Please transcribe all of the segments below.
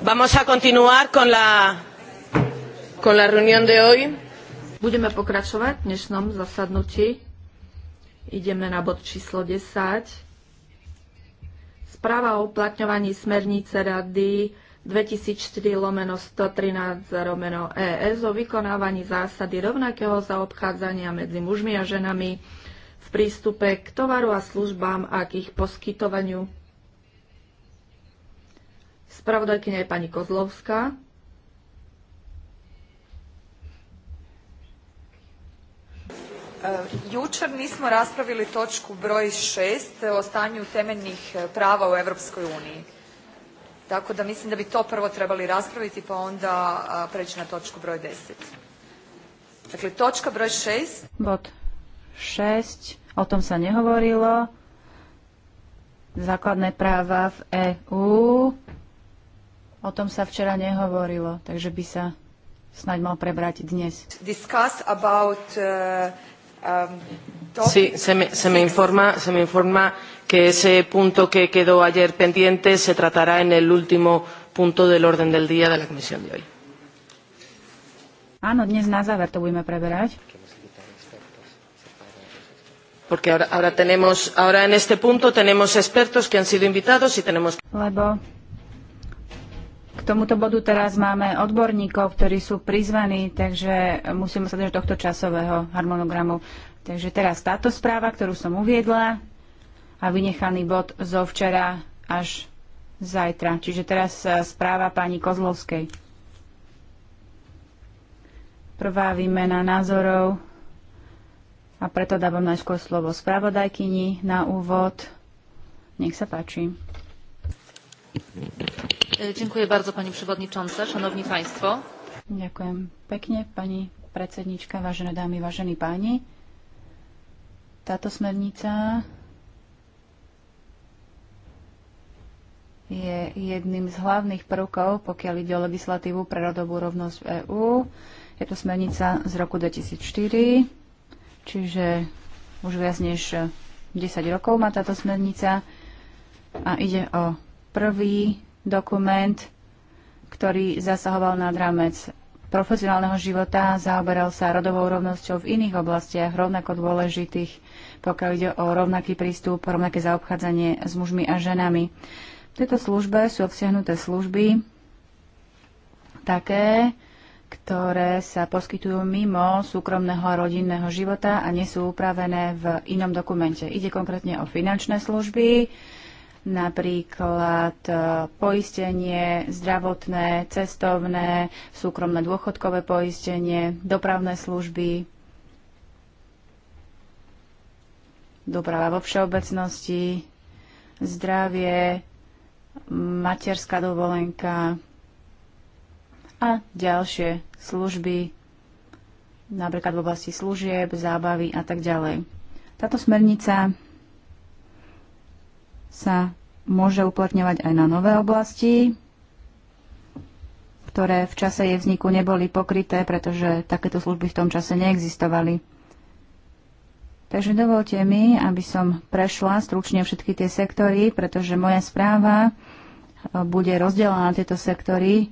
Vamos a continuar con la, con la reunión de hoy. Budeme pokračovať v dnešnom zasadnutí. Ideme na bod číslo 10. Správa o uplatňovaní smernice Rady 2004 lomeno 113 lomeno ES o vykonávaní zásady rovnakého zaobchádzania medzi mužmi a ženami v prístupe k tovaru a službám a k ich poskytovaniu. Spravodajkynia je pani Kozlovská. E, jučer mi smo raspravili točku broj 6 o stanju temeljnih e, prava u Evropskoj uniji. Tako da mislim da bi to prvo trebali raspraviti pa onda e, preći na točku broj 10. Dakle, točka broj 6. Bot 6. O tom sa nehovorilo. Základné práva v EU. O tom sa včera nehovorilo, takže by sa snáď mal prebrať dnes. Uh, um, sí, se me, se me informa, se me informa que ese punto que quedó ayer pendiente se tratará en el último punto del orden del día de la comisión de hoy. Áno, dnes na záver to budeme preberať. Porque ahora, ahora, tenemos, ahora en este punto tenemos expertos que han sido invitados y tenemos... Lebo tomuto bodu teraz máme odborníkov, ktorí sú prizvaní, takže musíme sa držať tohto časového harmonogramu. Takže teraz táto správa, ktorú som uviedla a vynechaný bod zo včera až zajtra. Čiže teraz e, správa pani Kozlovskej. Prvá výmena názorov a preto dávam najskôr slovo spravodajkyni na úvod. Nech sa páči. Thank you. E, dziękuję bardzo pani przewodnicząca, szanowni państwo. Ďakujem pekne, pani predsednička, vážené dámy, vážení páni. Táto smernica je jedným z hlavných prvkov, pokiaľ ide o legislatívu pre rodovú rovnosť v EÚ. Je to smernica z roku 2004, čiže už viac než 10 rokov má táto smernica a ide o prvý dokument, ktorý zasahoval nad rámec profesionálneho života, zaoberal sa rodovou rovnosťou v iných oblastiach rovnako dôležitých, pokiaľ ide o rovnaký prístup, rovnaké zaobchádzanie s mužmi a ženami. V tejto službe sú obsiahnuté služby také, ktoré sa poskytujú mimo súkromného a rodinného života a nie sú upravené v inom dokumente. Ide konkrétne o finančné služby, napríklad e, poistenie zdravotné, cestovné, súkromné dôchodkové poistenie, dopravné služby, doprava vo všeobecnosti, zdravie, materská dovolenka a ďalšie služby, napríklad v oblasti služieb, zábavy a tak ďalej. Táto smernica sa môže uplatňovať aj na nové oblasti, ktoré v čase jej vzniku neboli pokryté, pretože takéto služby v tom čase neexistovali. Takže dovolte mi, aby som prešla stručne všetky tie sektory, pretože moja správa eh, bude rozdelená na tieto sektory,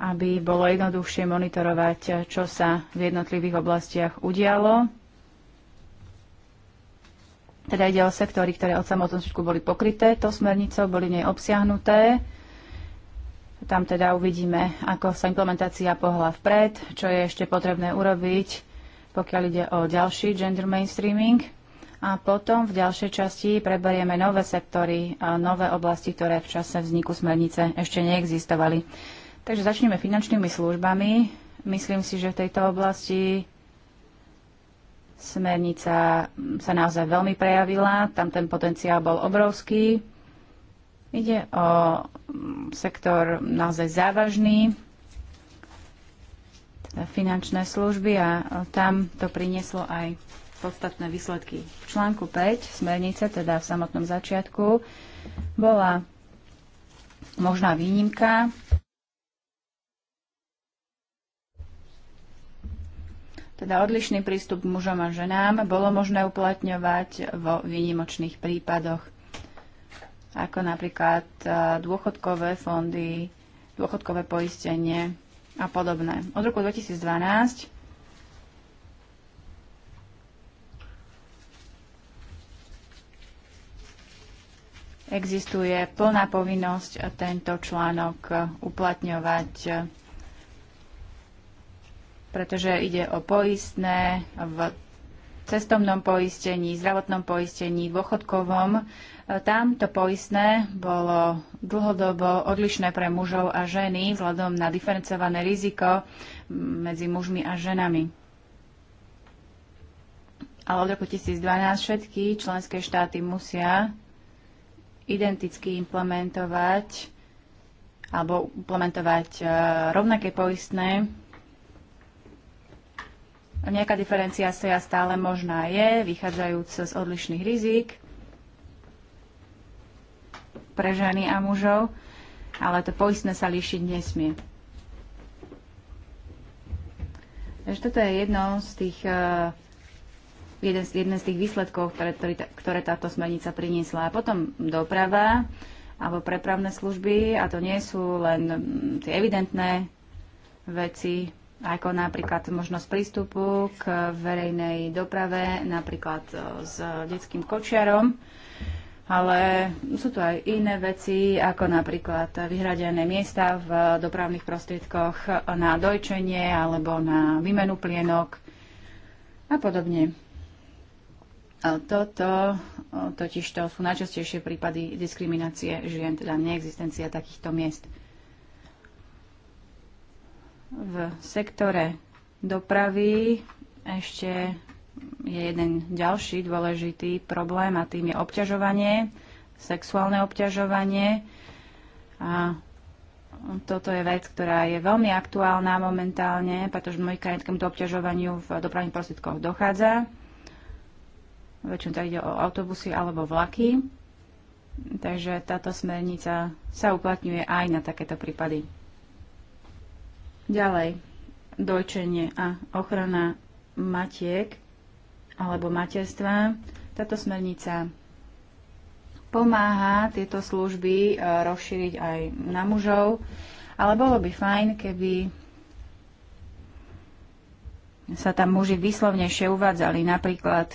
aby bolo jednoduchšie monitorovať, eh, čo sa v jednotlivých oblastiach udialo teda ide o sektory, ktoré od samotnosti boli pokryté, to smernicou boli nej obsiahnuté. Tam teda uvidíme, ako sa implementácia pohla vpred, čo je ešte potrebné urobiť, pokiaľ ide o ďalší gender mainstreaming. A potom v ďalšej časti preberieme nové sektory a nové oblasti, ktoré v čase vzniku smernice ešte neexistovali. Takže začneme finančnými službami. Myslím si, že v tejto oblasti Smernica mm, sa naozaj veľmi prejavila, tam ten potenciál bol obrovský. Ide o mm, sektor naozaj závažný, teda finančné služby a tam to prinieslo aj podstatné výsledky. V článku 5 smernice, teda v samotnom začiatku, bola možná výnimka teda odlišný prístup mužom a ženám bolo možné uplatňovať vo výnimočných prípadoch, ako napríklad e, dôchodkové fondy, dôchodkové poistenie a podobné. Od roku 2012 existuje plná povinnosť tento článok uplatňovať pretože ide o poistné v cestovnom poistení, zdravotnom poistení, dôchodkovom. E, Tam to poistné bolo dlhodobo odlišné pre mužov a ženy vzhľadom na diferencované riziko medzi mužmi a ženami. Ale od roku 2012 všetky členské štáty musia identicky implementovať alebo implementovať e, rovnaké poistné Nejaká diferenciácia stále možná je, vychádzajúc z odlišných rizik pre ženy a mužov, ale to poistné sa líšiť nesmie. Takže toto je jedno z tých, eh, jeden, z, jeden z tých výsledkov, ktoré, ktoré táto smernica priniesla. A potom doprava alebo prepravné služby, a to nie sú len mm, tie evidentné veci, ako napríklad možnosť prístupu k verejnej doprave, napríklad e, s detským kočiarom. Ale sú tu aj iné veci, ako napríklad vyhradené miesta v dopravných prostriedkoch na dojčenie alebo na výmenu plienok a podobne. Toto e, totiž to sú najčastejšie prípady diskriminácie žien, teda neexistencia takýchto miest. V sektore dopravy ešte je jeden ďalší dôležitý problém a tým je obťažovanie, sexuálne obťažovanie. A toto je vec, ktorá je veľmi aktuálna momentálne, pretože v mojich krajinách tomuto obťažovaniu v dopravných prostriedkoch dochádza. Väčšinou to ide o autobusy alebo vlaky. Takže táto smernica sa uplatňuje aj na takéto prípady. Ďalej, dojčenie a ochrana matiek alebo materstva. Táto smernica pomáha tieto služby e, rozšíriť aj na mužov, ale bolo by fajn, keby sa tam muži vyslovnejšie uvádzali napríklad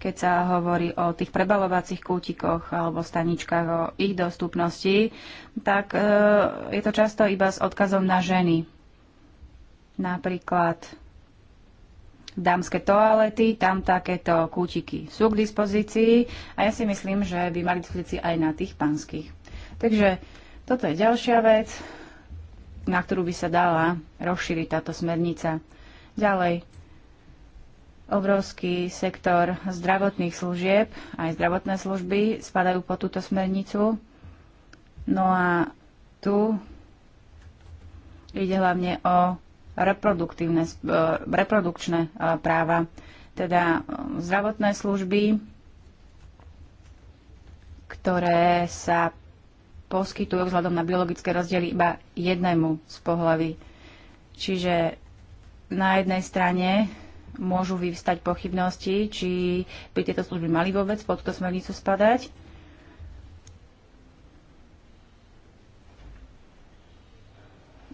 keď sa hovorí o tých prebalovacích kútikoch alebo staničkách, o ich dostupnosti, tak e, je to často iba s odkazom na ženy. Napríklad dámske toalety, tam takéto kútiky sú k dispozícii a ja si myslím, že by mali dispozícii aj na tých pánskych. Takže toto je ďalšia vec, na ktorú by sa dala rozšíriť táto smernica. Ďalej, Obrovský sektor zdravotných služieb, aj zdravotné služby spadajú po túto smernicu. No a tu ide hlavne o reproduktívne, e, reprodukčné e, práva, teda e, zdravotné služby, ktoré sa poskytujú vzhľadom na biologické rozdiely iba jednému z pohľavy. Čiže na jednej strane môžu vyvstať pochybnosti, či by tieto služby mali vôbec pod túto smernicu spadať.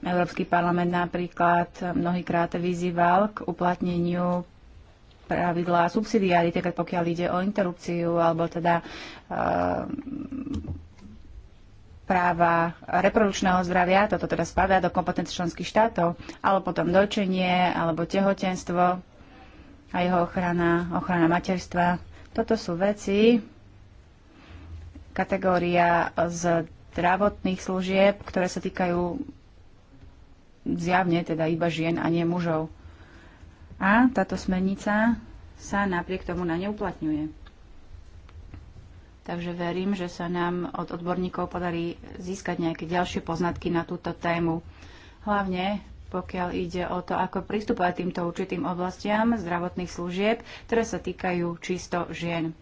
Európsky parlament napríklad mnohýkrát vyzýval k uplatneniu pravidlá subsidiarity, keď pokiaľ ide o interrupciu alebo teda e, práva reprodukčného zdravia, toto teda spadá do kompetencie členských štátov, alebo potom dočenie alebo tehotenstvo, a jeho ochrana, ochrana materstva. Toto sú veci, kategória zdravotných služieb, ktoré sa týkajú zjavne teda iba žien a nie mužov. A táto smernica sa napriek tomu na ne uplatňuje. Takže verím, že sa nám od odborníkov podarí získať nejaké ďalšie poznatky na túto tému. Hlavne pokiaľ ide o to, ako pristupovať týmto určitým oblastiam zdravotných služieb, ktoré sa týkajú čisto žien.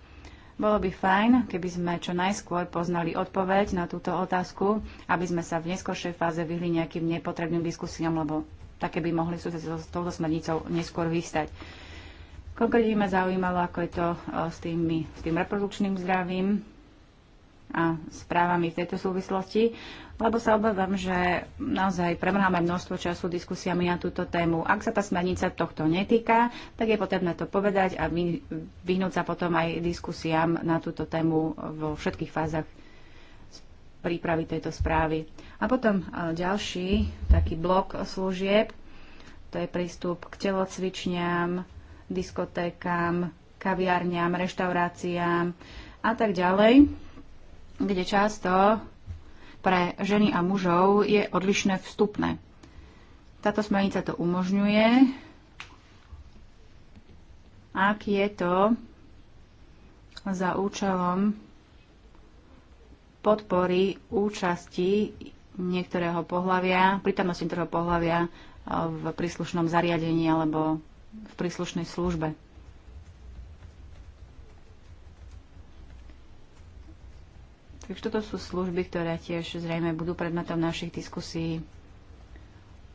Bolo by fajn, keby sme čo najskôr poznali odpoveď na túto otázku, aby sme sa v neskôršej fáze vyhli nejakým nepotrebným diskusiám, lebo také by mohli súvisieť s touto smernicou neskôr vystať. Konkrétne ma zaujímalo, ako je to e, s, tými, s tým reprodukčným zdravím a správami v tejto súvislosti lebo sa obávam, že naozaj premrháme množstvo času diskusiami na túto tému. Ak sa tá smernica tohto netýka, tak je potrebné to povedať a vyhnúť sa potom aj diskusiám na túto tému vo všetkých fázach prípravy tejto správy. A potom e, ďalší taký blok služieb, to je prístup k telocvičňám, diskotékám, kaviarniam, reštauráciám a tak ďalej, kde často pre ženy a mužov je odlišné vstupné. Táto smernica to umožňuje. Ak je to za účelom podpory účasti niektorého pohľavia, prítomnosti niektorého pohľavia v príslušnom zariadení alebo v príslušnej službe. Takže toto sú služby, ktoré tiež zrejme budú predmetom našich diskusí.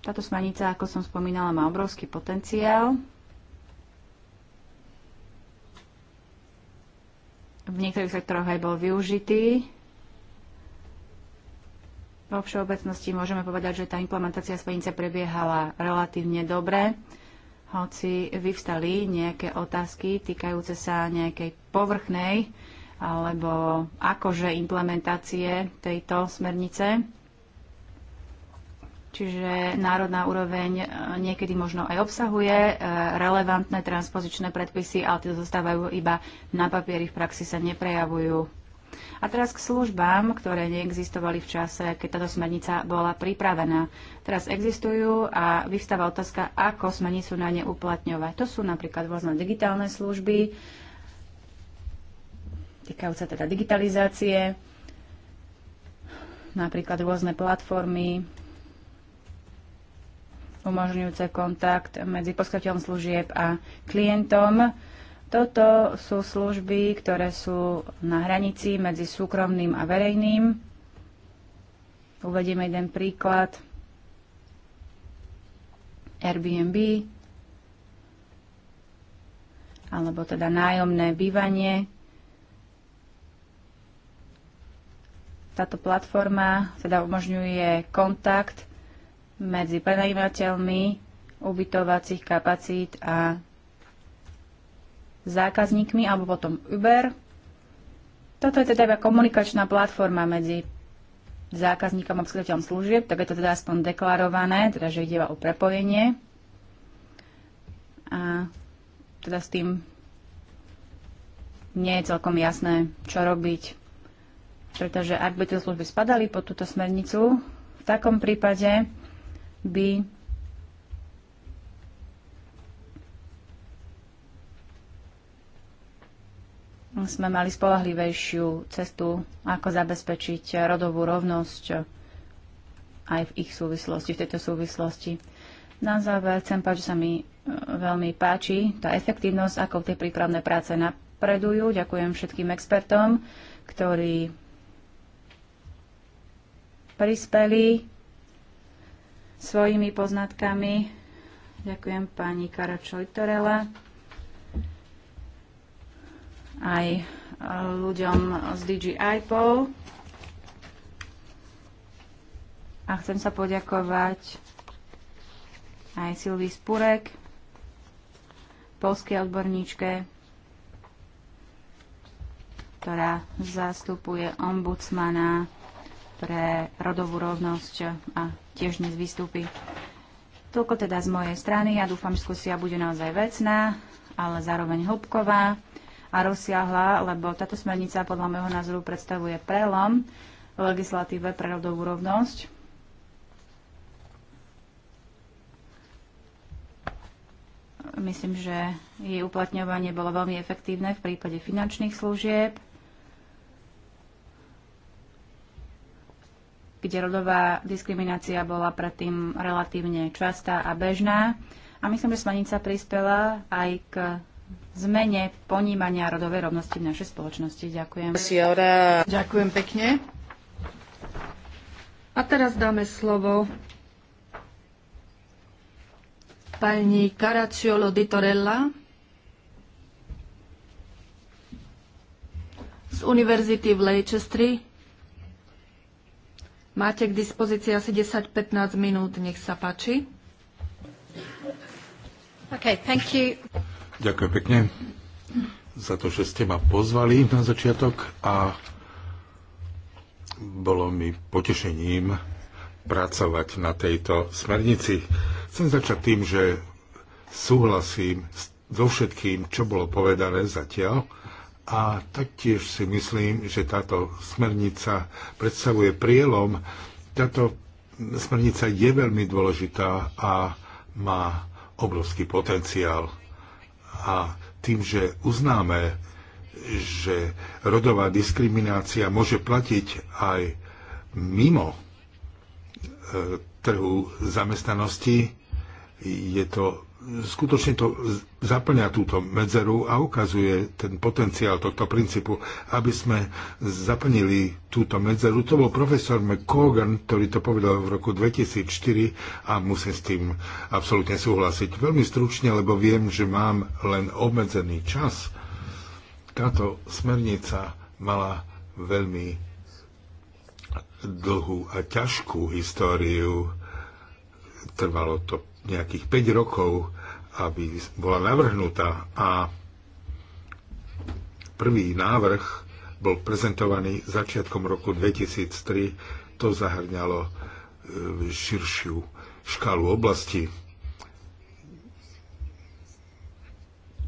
Táto smanica, ako som spomínala, má obrovský potenciál. V niektorých sektoroch aj bol využitý. Vo všeobecnosti môžeme povedať, že tá implementácia smanice prebiehala relatívne dobre, hoci vyvstali nejaké otázky týkajúce sa nejakej povrchnej alebo akože implementácie tejto smernice. Čiže národná úroveň e, niekedy možno aj obsahuje e, relevantné transpozičné predpisy, ale tie zostávajú iba na papieri, v praxi sa neprejavujú. A teraz k službám, ktoré neexistovali v čase, keď táto smernica bola pripravená. Teraz existujú a vystáva otázka, ako smernicu na ne uplatňovať. To sú napríklad rôzne digitálne služby, týkajúce teda digitalizácie, napríklad rôzne platformy, umožňujúce kontakt medzi poskytovateľom služieb a klientom. Toto sú služby, ktoré sú na hranici medzi súkromným a verejným. Uvedieme jeden príklad. Airbnb, alebo teda nájomné bývanie, Táto platforma teda umožňuje kontakt medzi prenajímateľmi ubytovacích kapacít a zákazníkmi, alebo potom Uber. Toto je teda iba komunikačná platforma medzi zákazníkom a poskytovateľom služieb, tak je to teda aspoň deklarované, teda že ide o prepojenie. A teda s tým nie je celkom jasné, čo robiť. Pretože ak by tie služby spadali pod túto smernicu, v takom prípade by sme mali spolahlivejšiu cestu, ako zabezpečiť rodovú rovnosť aj v ich súvislosti, v tejto súvislosti. Na záver chcem povedať, že sa mi e, veľmi páči tá efektívnosť, ako tie prípravné práce napredujú. Ďakujem všetkým expertom, ktorí prispeli svojimi poznatkami. Ďakujem pani Torela. aj e, ľuďom z DJI Pol. A chcem sa poďakovať aj Silvi Spurek, polskej odborníčke, ktorá zastupuje ombudsmana pre rodovú rovnosť a tiež dnes vystúpi. Toľko teda z mojej strany. Ja dúfam, že skúsia bude naozaj vecná, ale zároveň hĺbková a rozsiahla, lebo táto smernica podľa môjho názoru predstavuje prelom v legislatíve pre rodovú rovnosť. Myslím, že jej uplatňovanie bolo veľmi efektívne v prípade finančných služieb kde rodová diskriminácia bola predtým relatívne častá a bežná. A myslím, že smanica prispela aj k zmene ponímania rodovej rovnosti v našej spoločnosti. Ďakujem. Ďakujem pekne. A teraz dáme slovo pani Caracciolo di Torella z Univerzity v Leicestri Máte k dispozícii asi 10-15 minút, nech sa páči. Okay, thank you. Ďakujem pekne za to, že ste ma pozvali na začiatok a bolo mi potešením pracovať na tejto smernici. Chcem začať tým, že súhlasím so všetkým, čo bolo povedané zatiaľ a taktiež si myslím, že táto smernica predstavuje prielom. Táto smernica je veľmi dôležitá a má obrovský potenciál. A tým, že uznáme, že rodová diskriminácia môže platiť aj mimo e, trhu zamestnanosti, je to skutočne to zaplňa túto medzeru a ukazuje ten potenciál tohto princípu, aby sme zaplnili túto medzeru. To bol profesor McCogan, ktorý to povedal v roku 2004 a musím s tým absolútne súhlasiť. Veľmi stručne, lebo viem, že mám len obmedzený čas. Táto smernica mala veľmi dlhú a ťažkú históriu. Trvalo to nejakých 5 rokov, aby bola navrhnutá a prvý návrh bol prezentovaný začiatkom roku 2003. To zahrňalo e, širšiu škálu oblasti.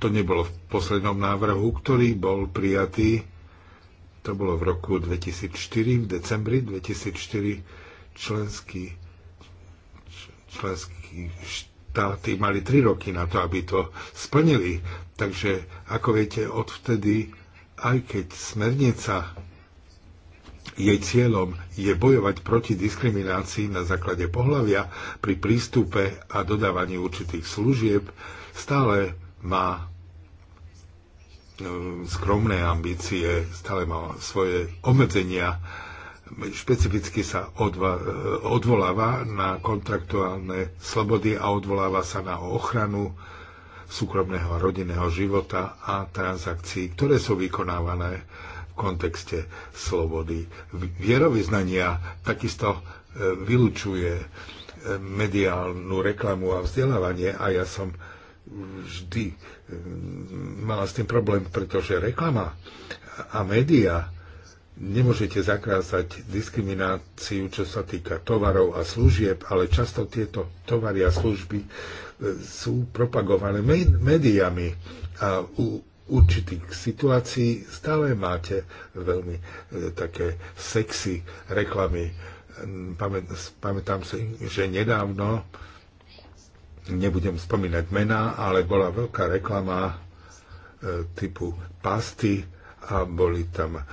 To nebolo v poslednom návrhu, ktorý bol prijatý. To bolo v roku 2004, v decembri 2004 členský, členský št tí mali 3 roky na to, aby to splnili. Takže, ako viete, odvtedy, aj keď smernica jej cieľom je bojovať proti diskriminácii na základe pohľavia pri prístupe a dodávaní určitých služieb, stále má e, skromné ambície, stále má svoje obmedzenia špecificky sa odva, eh, odvoláva na kontraktuálne slobody a odvoláva sa na ochranu súkromného a rodinného života a transakcií, ktoré sú vykonávané v kontexte slobody. Vierovýznania takisto eh, vylučuje eh, mediálnu reklamu a vzdelávanie a ja som vždy mala s tým problém, pretože reklama a média nemôžete zakázať diskrimináciu, čo sa týka tovarov a služieb, ale často tieto tovary a služby e, sú propagované médiami a u určitých situácií stále máte veľmi e, také sexy reklamy. Mm, pamätám si, že nedávno, nebudem spomínať mená, ale bola veľká reklama e, typu pasty, a boli tam e,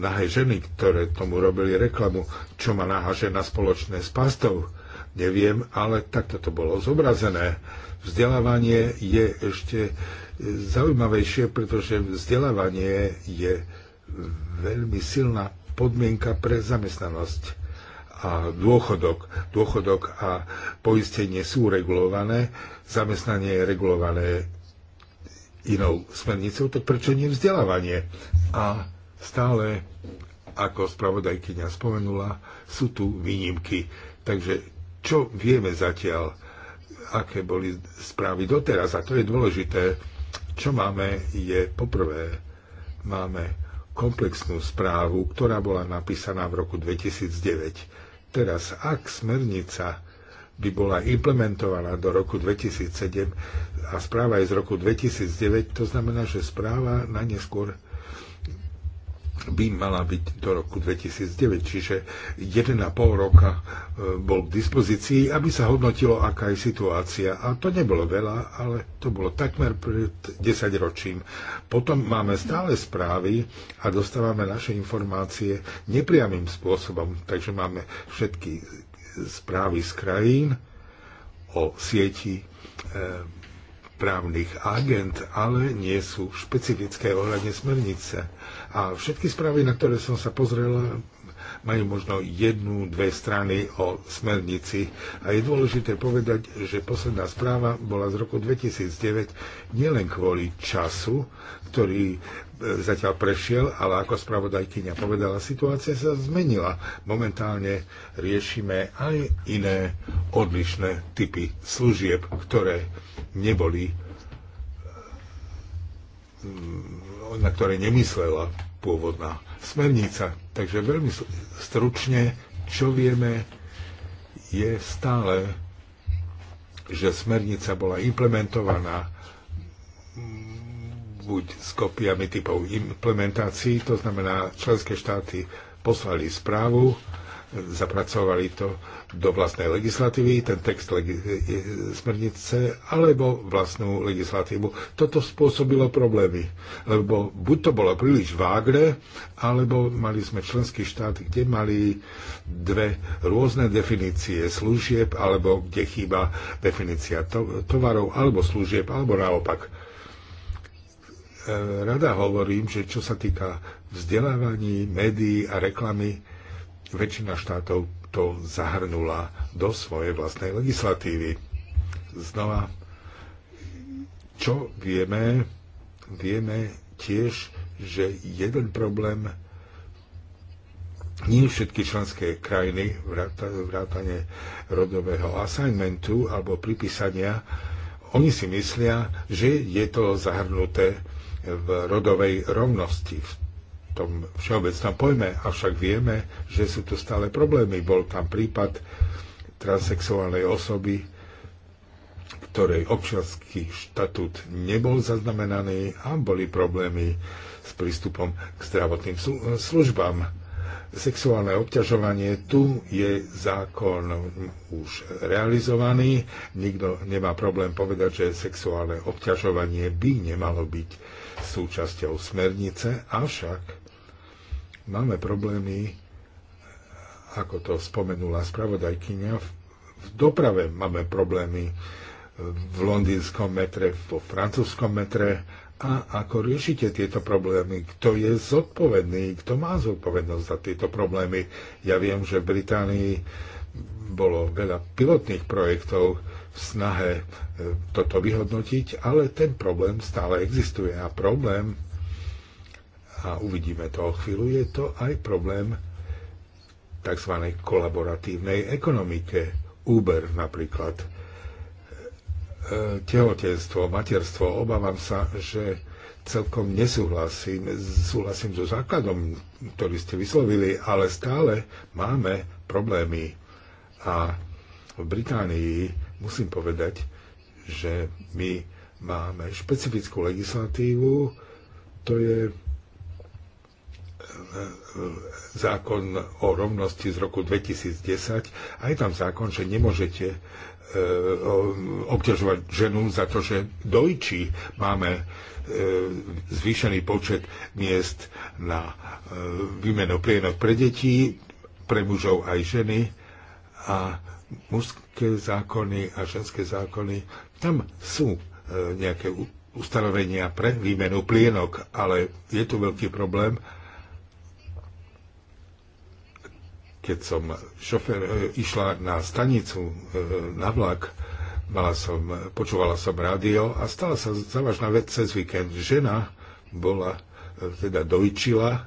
nahé ženy, ktoré tomu robili reklamu, čo má nahá žena spoločné s pastou. Neviem, ale takto to bolo zobrazené. Vzdelávanie je ešte e, zaujímavejšie, pretože vzdelávanie je veľmi silná podmienka pre zamestnanosť a dôchodok. Dôchodok a poistenie sú regulované, zamestnanie je regulované inou smernicou, tak prečo nie vzdelávanie? A stále, ako spravodajkyňa spomenula, sú tu výnimky. Takže čo vieme zatiaľ, aké boli správy doteraz, a to je dôležité, čo máme je poprvé, máme komplexnú správu, ktorá bola napísaná v roku 2009. Teraz, ak smernica by bola implementovaná do roku 2007 a správa je z roku 2009, to znamená, že správa na neskôr by mala byť do roku 2009, čiže 1,5 roka e, bol k dispozícii, aby sa hodnotilo, aká je situácia. A to nebolo veľa, ale to bolo takmer pred 10 ročím. Potom máme stále správy a dostávame naše informácie nepriamým spôsobom, takže máme všetky správy z krajín o sieti e, právnych agent, ale nie sú špecifické ohľadne smernice. A všetky správy, na ktoré som sa pozrel, majú možno jednu, dve strany o smernici. A je dôležité povedať, že posledná správa bola z roku 2009 nielen kvôli času, ktorý zatiaľ prešiel, ale ako spravodajkyňa povedala, situácia sa zmenila. Momentálne riešime aj iné odlišné typy služieb, ktoré neboli mm, na ktoré nemyslela pôvodná smernica. Takže veľmi stručne, čo vieme, je stále, že smernica bola implementovaná buď s kopiami typov implementácií, to znamená, členské štáty poslali správu, zapracovali to do vlastnej legislatívy, ten text legi- smernice, alebo vlastnú legislatívu. Toto spôsobilo problémy, lebo buď to bolo príliš vágne, alebo mali sme členský štát, kde mali dve rôzne definície služieb, alebo kde chýba definícia to- tovarov, alebo služieb, alebo naopak. E, rada hovorím, že čo sa týka vzdelávaní, médií a reklamy, väčšina štátov to zahrnula do svojej vlastnej legislatívy. Znova, čo vieme, vieme tiež, že jeden problém nie všetky členské krajiny vrátane rodového assignmentu alebo pripísania, oni si myslia, že je to zahrnuté v rodovej rovnosti, v tom všeobecnom pojme, avšak vieme, že sú tu stále problémy. Bol tam prípad transexuálnej osoby, ktorej občianský štatút nebol zaznamenaný a boli problémy s prístupom k zdravotným službám. Sexuálne obťažovanie tu je zákon už realizovaný. Nikto nemá problém povedať, že sexuálne obťažovanie by nemalo byť súčasťou smernice, avšak máme problémy, ako to spomenula spravodajkyňa, v doprave máme problémy v londýnskom metre, vo francúzskom metre a ako riešite tieto problémy? Kto je zodpovedný? Kto má zodpovednosť za tieto problémy? Ja viem, že v Británii bolo veľa pilotných projektov, v snahe e, toto vyhodnotiť, ale ten problém stále existuje a problém, a uvidíme to o chvíľu, je to aj problém tzv. kolaboratívnej ekonomike. Uber napríklad. E, tehotenstvo, materstvo, obávam sa, že celkom nesúhlasím, súhlasím so základom, ktorý ste vyslovili, ale stále máme problémy. A v Británii musím povedať, že my máme špecifickú legislatívu, to je e, zákon o rovnosti z roku 2010 a je tam zákon, že nemôžete e, obťažovať ženu za to, že dojčí. Máme e, zvýšený počet miest na výmenu plienok pre deti, pre mužov aj ženy a mužské zákony a ženské zákony, tam sú e, nejaké ustanovenia pre výmenu plienok, ale je tu veľký problém, keď som šofér, e, išla na stanicu, e, na vlak, mala som, počúvala som rádio a stala sa závažná vec cez víkend. Žena bola, e, teda dojčila,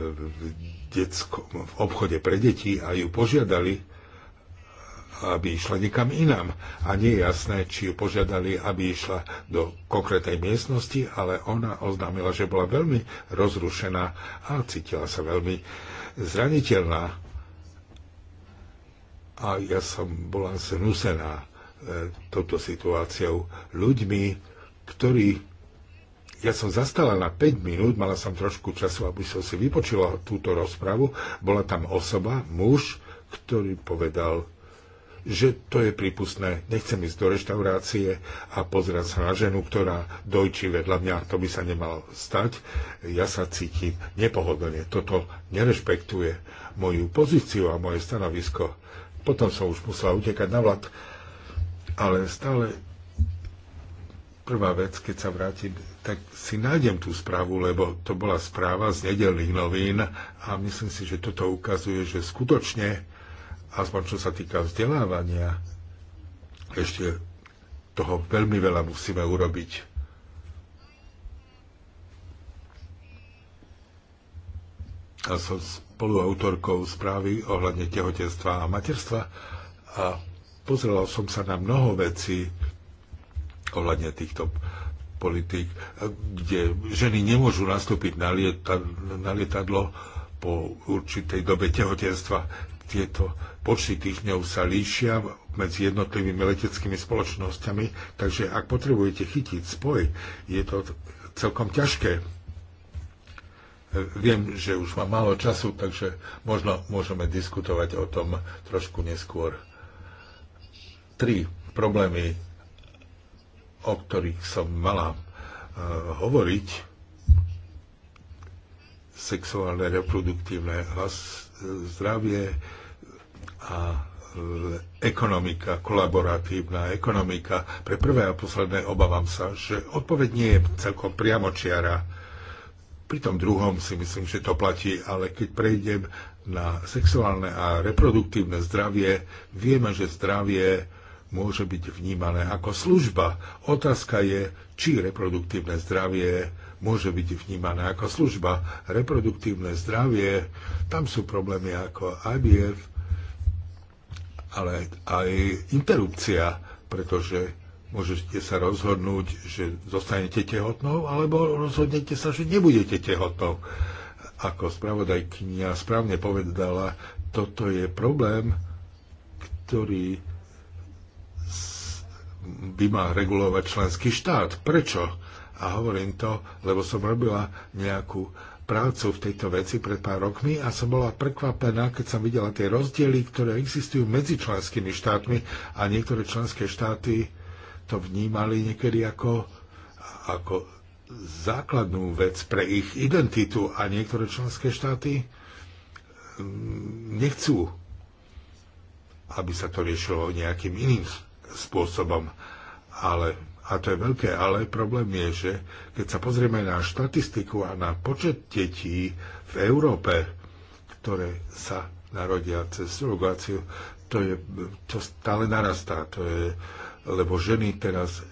e, detskom, v obchode pre deti a ju požiadali, aby išla niekam inám. A nie je jasné, či ju požiadali, aby išla do konkrétnej miestnosti, ale ona oznámila, že bola veľmi rozrušená a cítila sa veľmi zraniteľná. A ja som bola znusená e, touto situáciou ľuďmi, ktorí ja som zastala na 5 minút, mala som trošku času, aby som si vypočila túto rozpravu. Bola tam osoba, muž, ktorý povedal, že to je prípustné. Nechcem ísť do reštaurácie a pozerať sa na ženu, ktorá dojčí vedľa mňa. To by sa nemalo stať. Ja sa cítim nepohodlne. Toto nerešpektuje moju pozíciu a moje stanovisko. Potom som už musela utekať na vlad. Ale stále prvá vec, keď sa vrátim tak si nájdem tú správu, lebo to bola správa z nedelných novín a myslím si, že toto ukazuje, že skutočne, aspoň čo sa týka vzdelávania, ešte toho veľmi veľa musíme urobiť. A som spoluautorkou správy ohľadne tehotenstva a materstva a pozrel som sa na mnoho vecí ohľadne týchto politik, kde ženy nemôžu nastúpiť na, lieta, na lietadlo po určitej dobe tehotenstva. Tieto počty týždňov sa líšia medzi jednotlivými leteckými spoločnosťami, takže ak potrebujete chytiť spoj, je to celkom ťažké. Viem, že už mám málo času, takže možno môžeme diskutovať o tom trošku neskôr. Tri problémy o ktorých som mala eh, hovoriť, sexuálne, reproduktívne eh, zdravie a eh, ekonomika, kolaboratívna ekonomika. Pre prvé a posledné obávam sa, že odpoveď nie je celkom priamočiara. Pri tom druhom si myslím, že to platí, ale keď prejdem na sexuálne a reproduktívne zdravie, vieme, že zdravie môže byť vnímané ako služba. Otázka je, či reproduktívne zdravie môže byť vnímané ako služba. Reproduktívne zdravie, tam sú problémy ako IBF, ale aj interrupcia, pretože môžete sa rozhodnúť, že zostanete tehotnou, alebo rozhodnete sa, že nebudete tehotnou. Ako spravodajkynia správne povedala, toto je problém, ktorý by mal regulovať členský štát. Prečo? A hovorím to, lebo som robila nejakú prácu v tejto veci pred pár rokmi a som bola prekvapená, keď som videla tie rozdiely, ktoré existujú medzi členskými štátmi a niektoré členské štáty to vnímali niekedy ako, ako základnú vec pre ich identitu a niektoré členské štáty mm, nechcú, aby sa to riešilo nejakým iným spôsobom. Ale, a to je veľké ale, problém je, že keď sa pozrieme na štatistiku a na počet detí v Európe, ktoré sa narodia cez surogáciu, to, je, to stále narastá. To je, lebo ženy teraz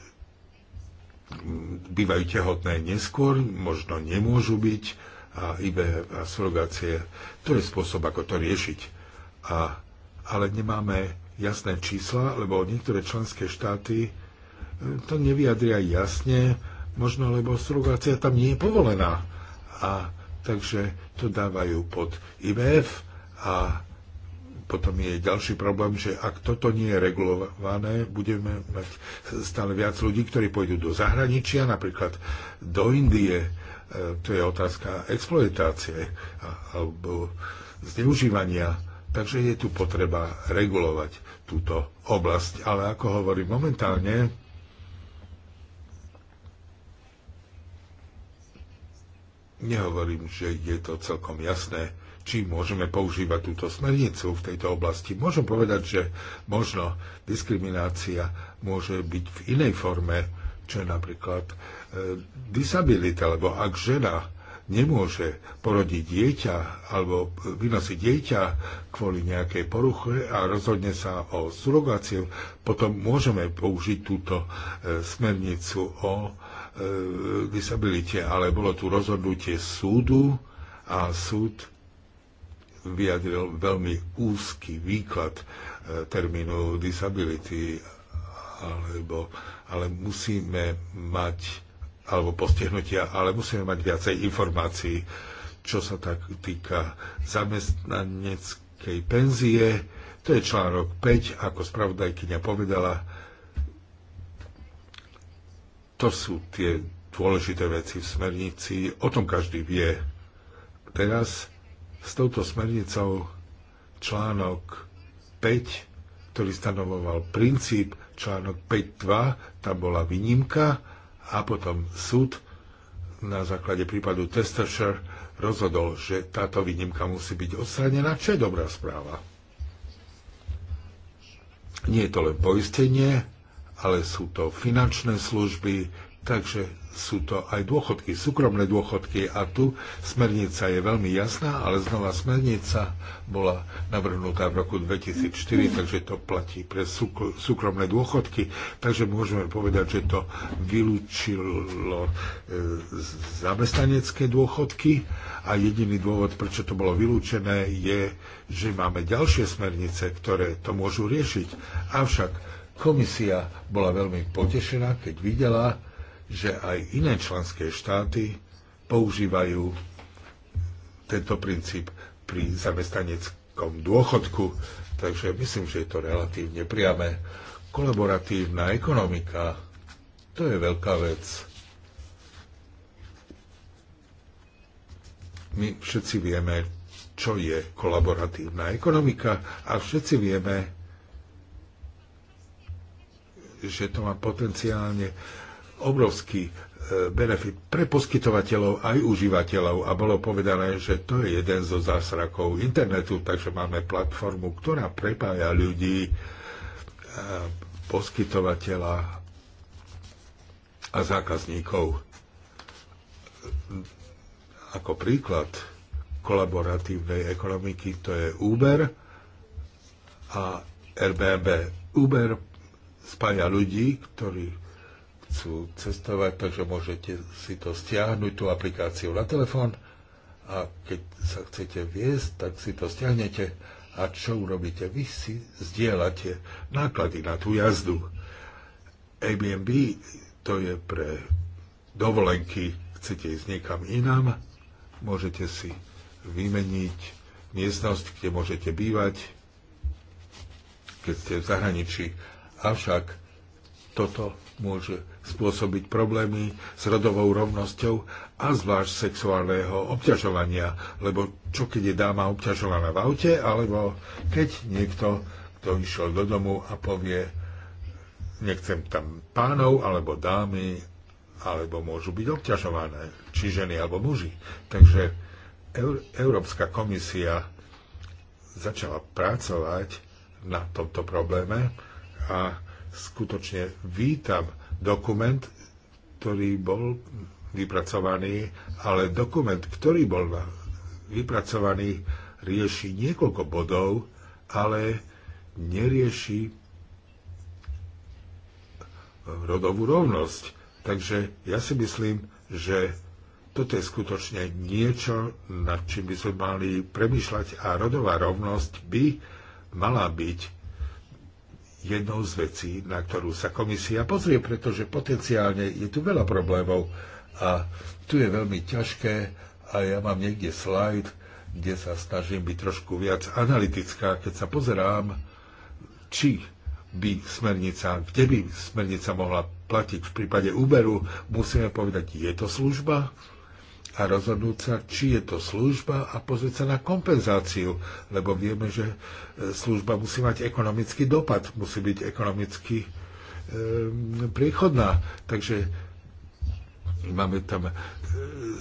bývajú tehotné neskôr, možno nemôžu byť a ibe a surogácie, to je spôsob, ako to riešiť. A, ale nemáme jasné čísla, lebo niektoré členské štáty e, to nevyjadria jasne, možno lebo surrogácia tam nie je povolená. A takže to dávajú pod IVF a potom je ďalší problém, že ak toto nie je regulované, budeme mať stále viac ľudí, ktorí pôjdu do zahraničia, napríklad do Indie. E, to je otázka exploitácie alebo zneužívania. Takže je tu potreba regulovať túto oblasť. Ale ako hovorím, momentálne nehovorím, že je to celkom jasné, či môžeme používať túto smernicu v tejto oblasti. Môžem povedať, že možno diskriminácia môže byť v inej forme, čo je napríklad e, disabilita, lebo ak žena nemôže porodiť dieťa alebo vynosiť dieťa kvôli nejakej poruche a rozhodne sa o surogáciu, potom môžeme použiť túto e, smernicu o e, disabilite, ale bolo tu rozhodnutie súdu a súd vyjadril veľmi úzky výklad e, termínu disability, alebo, ale musíme mať alebo postihnutia, ale musíme mať viacej informácií, čo sa tak týka zamestnaneckej penzie. To je článok 5, ako spravodajkyňa povedala. To sú tie dôležité veci v smernici, o tom každý vie. Teraz s touto smernicou článok 5, ktorý stanovoval princíp, článok 5.2, tam bola výnimka a potom súd na základe prípadu Testershire rozhodol, že táto výnimka musí byť odstranená, čo je dobrá správa. Nie je to len poistenie, ale sú to finančné služby, Takže sú to aj dôchodky, súkromné dôchodky a tu smernica je veľmi jasná, ale znova smernica bola navrhnutá v roku 2004, takže to platí pre súkromné dôchodky, takže môžeme povedať, že to vylúčilo e, zamestnanecké dôchodky a jediný dôvod, prečo to bolo vylúčené, je, že máme ďalšie smernice, ktoré to môžu riešiť. Avšak komisia bola veľmi potešená, keď videla, že aj iné členské štáty používajú tento princíp pri zamestnaneckom dôchodku, takže myslím, že je to relatívne priame. Kolaboratívna ekonomika, to je veľká vec. My všetci vieme, čo je kolaboratívna ekonomika a všetci vieme, že to má potenciálne obrovský e, benefit pre poskytovateľov aj užívateľov a bolo povedané, že to je jeden zo zásrakov internetu, takže máme platformu, ktorá prepája ľudí, e, poskytovateľa a zákazníkov. Ako príklad kolaboratívnej ekonomiky to je Uber a Airbnb. Uber spája ľudí, ktorí chcú cestovať, takže môžete si to stiahnuť, tú aplikáciu na telefón a keď sa chcete viesť, tak si to stiahnete a čo urobíte? Vy si zdieľate náklady na tú jazdu. Airbnb to je pre dovolenky, chcete ísť niekam inám, môžete si vymeniť miestnosť, kde môžete bývať, keď ste v zahraničí. Avšak toto môže spôsobiť problémy s rodovou rovnosťou a zvlášť sexuálneho obťažovania, lebo čo keď je dáma obťažovaná v aute, alebo keď niekto, kto išiel do domu a povie, nechcem tam pánov alebo dámy, alebo môžu byť obťažované, či ženy alebo muži. Takže Európska komisia začala pracovať na tomto probléme a skutočne vítam dokument, ktorý bol vypracovaný, ale dokument, ktorý bol vypracovaný, rieši niekoľko bodov, ale nerieši rodovú rovnosť. Takže ja si myslím, že toto je skutočne niečo, nad čím by sme mali premýšľať a rodová rovnosť by mala byť jednou z vecí, na ktorú sa komisia pozrie, pretože potenciálne je tu veľa problémov a tu je veľmi ťažké a ja mám niekde slajd, kde sa snažím byť trošku viac analytická, keď sa pozerám, či by smernica, kde by smernica mohla platiť v prípade Uberu, musíme povedať, je to služba, a rozhodnúť sa, či je to služba a pozrieť sa na kompenzáciu, lebo vieme, že e, služba musí mať ekonomický dopad, musí byť ekonomicky e, príchodná. Takže máme tam e,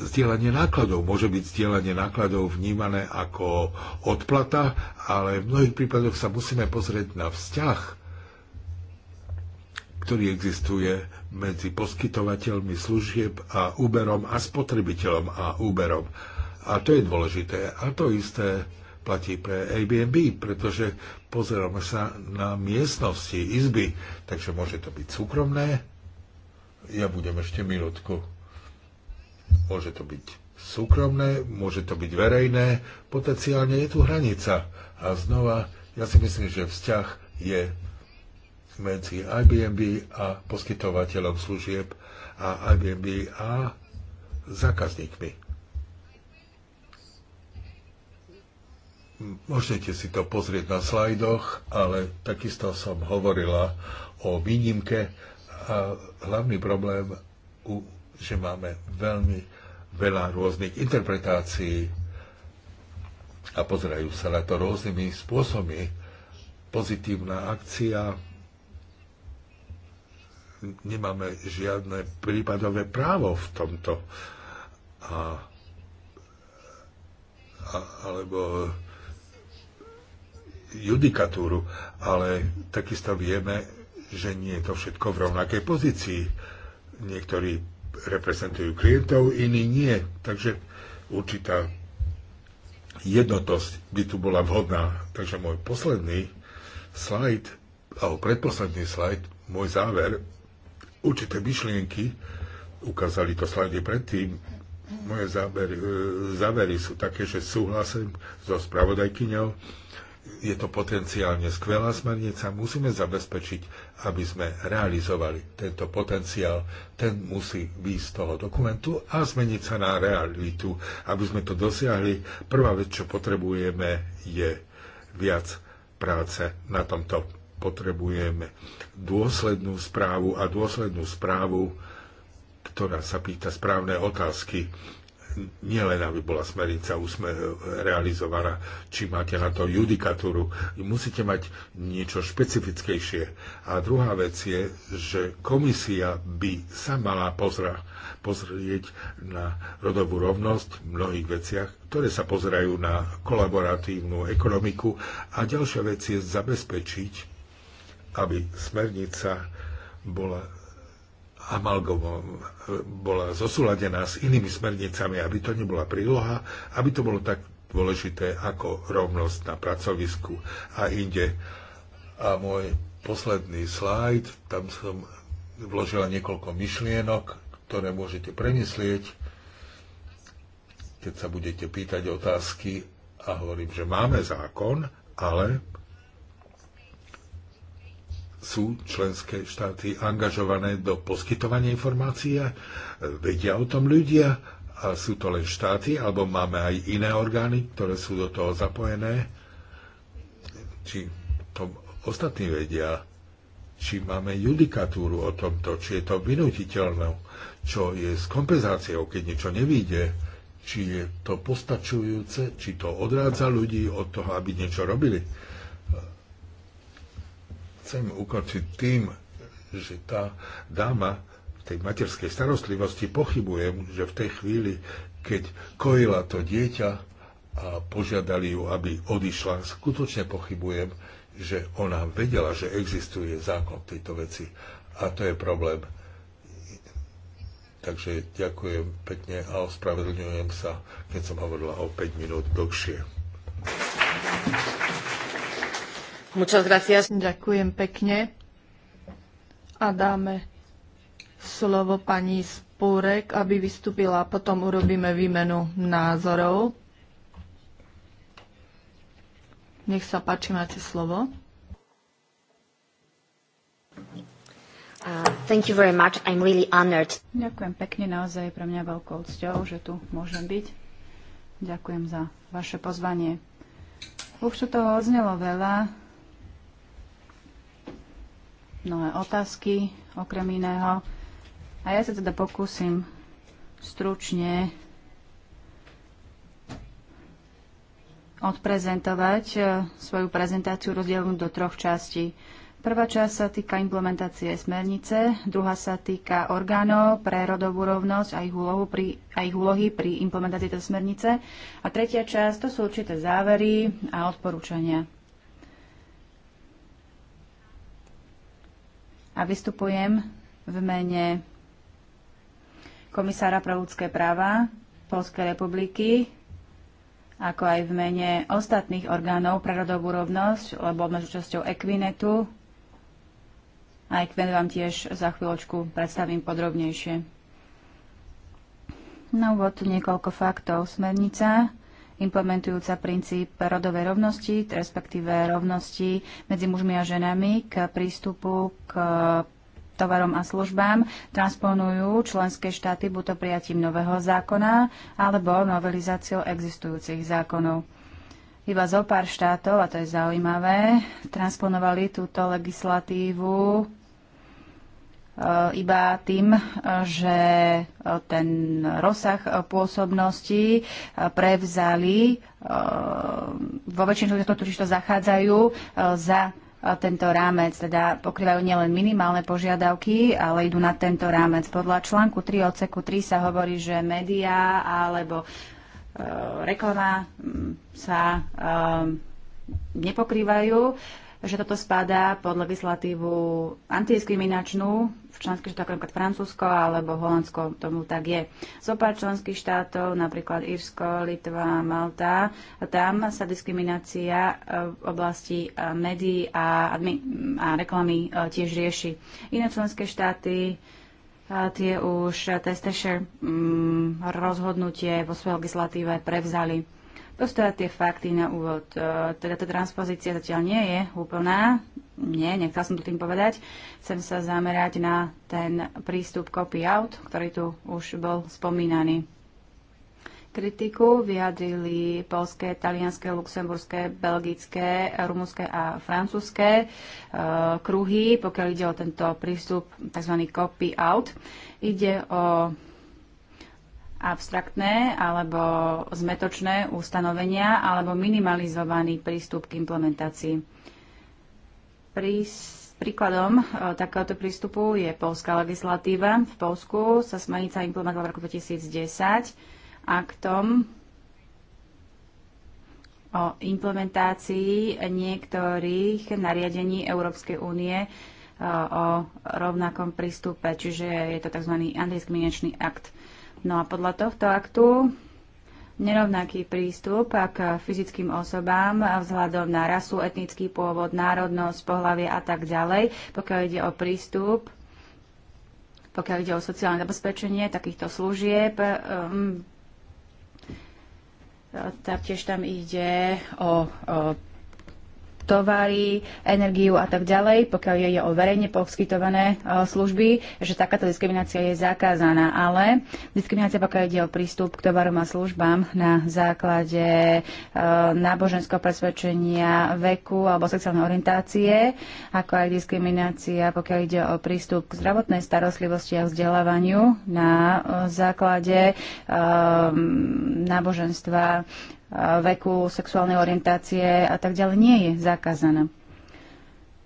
zdieľanie nákladov. Môže byť zdieľanie nákladov vnímané ako odplata, ale v mnohých prípadoch sa musíme pozrieť na vzťah, ktorý existuje medzi poskytovateľmi služieb a Uberom a spotrebiteľom a Uberom. A to je dôležité. A to isté platí pre Airbnb, pretože pozeráme sa na miestnosti, izby, takže môže to byť súkromné. Ja budem ešte minútku. Môže to byť súkromné, môže to byť verejné, potenciálne je tu hranica. A znova, ja si myslím, že vzťah je medzi Airbnb a poskytovateľom služieb a Airbnb a zákazníkmi. Môžete si to pozrieť na slajdoch, ale takisto som hovorila o výnimke a hlavný problém, že máme veľmi veľa rôznych interpretácií a pozerajú sa na to rôznymi spôsobmi. Pozitívna akcia nemáme žiadne prípadové právo v tomto. A, a, alebo judikatúru, ale takisto vieme, že nie je to všetko v rovnakej pozícii. Niektorí reprezentujú klientov, iní nie. Takže určitá jednotosť by tu bola vhodná. Takže môj posledný slajd, alebo predposledný slajd, môj záver určité myšlienky, ukázali to slajdy predtým, moje závery, e, závery sú také, že súhlasím so spravodajkyňou, je to potenciálne skvelá smernica, musíme zabezpečiť, aby sme realizovali tento potenciál. Ten musí výjsť z toho dokumentu a zmeniť sa na realitu. Aby sme to dosiahli, prvá vec, čo potrebujeme, je viac práce na tomto potrebujeme dôslednú správu a dôslednú správu, ktorá sa pýta správne otázky, nielen aby bola smernica usme, realizovaná, či máte na to judikatúru, musíte mať niečo špecifickejšie. A druhá vec je, že komisia by sa mala pozra, pozrieť na rodovú rovnosť v mnohých veciach, ktoré sa pozerajú na kolaboratívnu ekonomiku a ďalšia vec je zabezpečiť aby smernica bola amalgomom bola zosúladená s inými smernicami, aby to nebola príloha, aby to bolo tak dôležité ako rovnosť na pracovisku a inde. A môj posledný slajd, tam som vložila niekoľko myšlienok, ktoré môžete premyslieť, keď sa budete pýtať otázky a hovorím, že máme zákon, ale sú členské štáty angažované do poskytovania informácií, vedia o tom ľudia a sú to len štáty, alebo máme aj iné orgány, ktoré sú do toho zapojené. Či to ostatní vedia, či máme judikatúru o tomto, či je to vynutiteľné, čo je s kompenzáciou, keď niečo nevíde, či je to postačujúce, či to odrádza ľudí od toho, aby niečo robili chcem ukončiť tým, že tá dáma v tej materskej starostlivosti pochybujem, že v tej chvíli, keď kojila to dieťa a požiadali ju, aby odišla, skutočne pochybujem, že ona vedela, že existuje zákon tejto veci. A to je problém. Takže ďakujem pekne a ospravedlňujem sa, keď som hovorila o 5 minút dlhšie. Ďakujem pekne. A dáme slovo pani Spúrek, aby vystúpila. Potom urobíme výmenu názorov. Nech sa páči, máte slovo. Uh, thank you very much. I'm really honored. Ďakujem pekne, naozaj pre mňa veľkou cťou, že tu môžem byť. Ďakujem za vaše pozvanie. Už to toho oznelo veľa, mnohé otázky, okrem iného. A ja sa teda pokúsim stručne odprezentovať e, svoju prezentáciu rozdielnú do troch častí. Prvá časť sa týka implementácie smernice, druhá sa týka orgánov pre rodovú rovnosť a ich, úlohu pri, a ich úlohy pri implementácii tej smernice a tretia časť to sú určité závery a odporúčania. a vystupujem v mene komisára pre ľudské práva Polskej republiky, ako aj v mene ostatných orgánov pre rodovú rovnosť, lebo sme súčasťou Equinetu. A Equinet vám tiež za chvíľočku predstavím podrobnejšie. Na úvod tu niekoľko faktov. Smernica implementujúca princíp rodovej rovnosti, respektíve rovnosti medzi mužmi a ženami k prístupu k tovarom a službám transponujú členské štáty buď to prijatím nového zákona alebo novelizáciou existujúcich zákonov. Iba zo pár štátov, a to je zaujímavé, transponovali túto legislatívu Eh, iba tým, eh, že eh, ten rozsah pôsobnosti prevzali vo väčšine členských ktorí to zachádzajú za tento rámec, teda pokrývajú nielen minimálne požiadavky, ale idú na tento rámec. Podľa článku 3 odseku 3 sa hovorí, že médiá alebo reklama hm, sa e, nepokrývajú, že toto spadá pod legislatívu antidiskriminačnú členských štátoch, napríklad Francúzsko alebo Holandsko, tomu tak je. Zopár členských štátov, napríklad Írsko, Litva, Malta, tam sa diskriminácia e, v oblasti e, médií a, a reklamy e, tiež rieši. Iné členské štáty tie už Testešer mm, rozhodnutie vo svojej legislatíve prevzali. To sú teda tie fakty na úvod. E, teda tá transpozícia zatiaľ nie je úplná. Nie, nechcel som to tým povedať. Chcem sa zamerať na ten prístup copy-out, ktorý tu už bol spomínaný. Kritiku vyjadrili polské, talianské, luxemburské, belgické, rumúnske a francúzské e, kruhy, pokiaľ ide o tento prístup tzv. copy-out. Ide o abstraktné alebo zmetočné ustanovenia alebo minimalizovaný prístup k implementácii. Príkladom e, takéhoto prístupu je polská legislatíva. V Polsku sa smanica implementovala v roku 2010 aktom o implementácii niektorých nariadení Európskej únie e, o rovnakom prístupe, čiže je to tzv. antidiskriminačný akt. No a podľa tohto aktu nerovnaký prístup k fyzickým osobám vzhľadom na rasu, etnický pôvod, národnosť, pohlavie a tak ďalej, pokiaľ ide o prístup pokiaľ ide o sociálne zabezpečenie takýchto služieb. Um, e, taktiež tam ide o, o tovary, energiu a tak ďalej, pokiaľ je o verejne poskytované e, služby, že takáto diskriminácia je zakázaná. Ale diskriminácia, pokiaľ ide o prístup k tovarom a službám na základe e, náboženského presvedčenia, veku alebo sexuálnej orientácie, ako aj diskriminácia, pokiaľ ide o prístup k zdravotnej starostlivosti a vzdelávaniu na e, základe náboženstva, veku, sexuálnej orientácie a tak ďalej nie je zakázaná.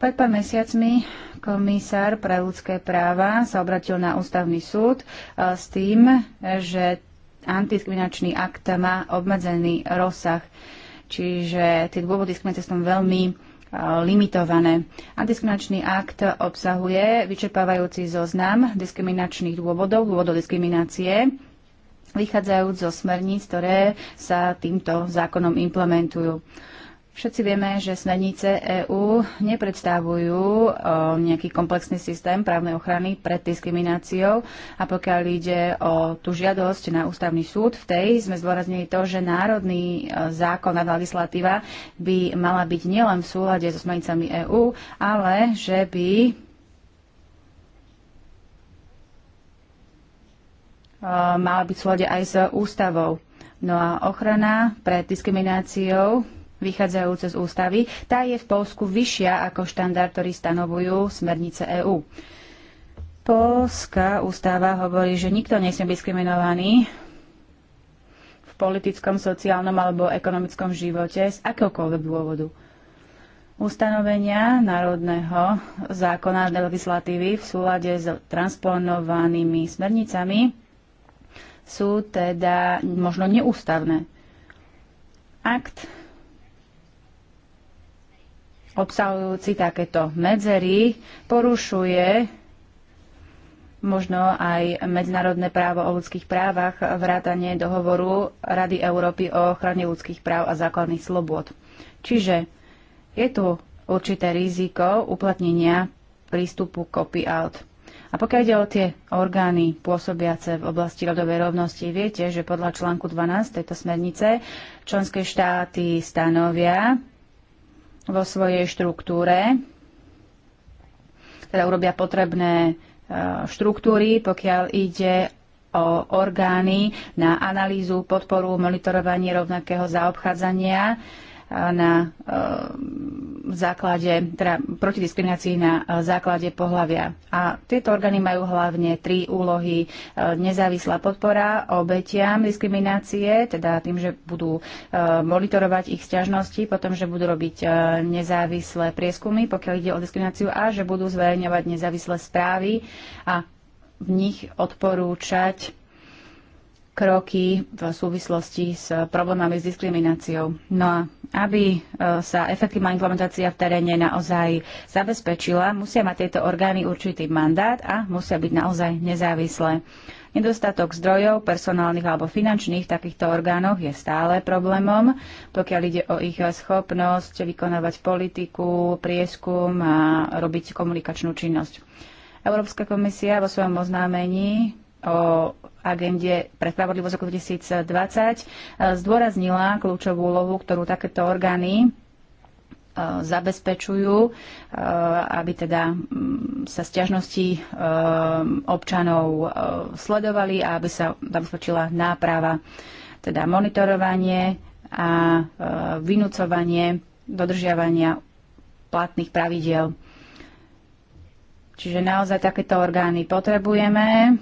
Pred pár mesiacmi komisár pre ľudské práva sa obratil na ústavný súd e, s tým, že antidiskriminačný akt má obmedzený rozsah. Čiže tie dôvody diskriminácie sú veľmi e, limitované. Antidiskriminačný akt obsahuje vyčerpávajúci zoznam diskriminačných dôvodov, dôvodov diskriminácie, vychádzajúc zo smerníc, ktoré sa týmto zákonom implementujú. Všetci vieme, že smernice EÚ nepredstavujú nejaký komplexný systém právnej ochrany pred diskrimináciou a pokiaľ ide o tú žiadosť na ústavný súd, v tej sme zdôraznili to, že národný e, zákon a legislatíva by mala byť nielen v súlade so smernicami EÚ, ale že by Eh, mala byť v súlade aj s ústavou. No a ochrana pred diskrimináciou vychádzajúce z ústavy, tá je v Polsku vyššia ako štandard, ktorý stanovujú smernice EÚ. Polská ústava hovorí, že nikto nesmie diskriminovaný v politickom, sociálnom alebo ekonomickom živote z akéhokoľvek dôvodu. Ustanovenia národného zákona legislatívy v súlade s transponovanými smernicami sú teda možno neústavné. Akt obsahujúci takéto medzery porušuje možno aj medzinárodné právo o ľudských právach, vrátanie dohovoru Rady Európy o ochrane ľudských práv a základných slobôd. Čiže je tu určité riziko uplatnenia prístupu copy-out. A pokiaľ ide o tie orgány pôsobiace v oblasti rodovej rovnosti, viete, že podľa článku 12 tejto smernice členské štáty stanovia vo svojej štruktúre, teda urobia potrebné e, štruktúry, pokiaľ ide o orgány na analýzu, podporu, monitorovanie rovnakého zaobchádzania na eh, základe, teda proti diskriminácii na eh, základe pohlavia. A tieto orgány majú hlavne tri úlohy. Eh, nezávislá podpora obetiam diskriminácie, teda tým, že budú monitorovať ich sťažnosti, potom, že budú robiť nezávislé prieskumy, pokiaľ ide o diskrimináciu a že budú zverejňovať nezávislé správy a v nich odporúčať kroky v súvislosti s problémami s diskrimináciou. No a aby e, sa efektívna implementácia v teréne naozaj zabezpečila, musia mať tieto orgány určitý mandát a musia byť naozaj nezávislé. Nedostatok zdrojov, personálnych alebo finančných takýchto orgánoch je stále problémom, pokiaľ ide o ich schopnosť vykonávať politiku, prieskum a robiť komunikačnú činnosť. Európska komisia vo svojom oznámení o agende pre spravodlivosť roku 2020 e, zdôraznila kľúčovú úlohu, ktorú takéto orgány e, zabezpečujú, e, aby teda mm, sa stiažnosti občanov sledovali a aby sa zabezpečila náprava, teda monitorovanie a vynúcovanie dodržiavania platných pravidiel. Čiže naozaj takéto orgány potrebujeme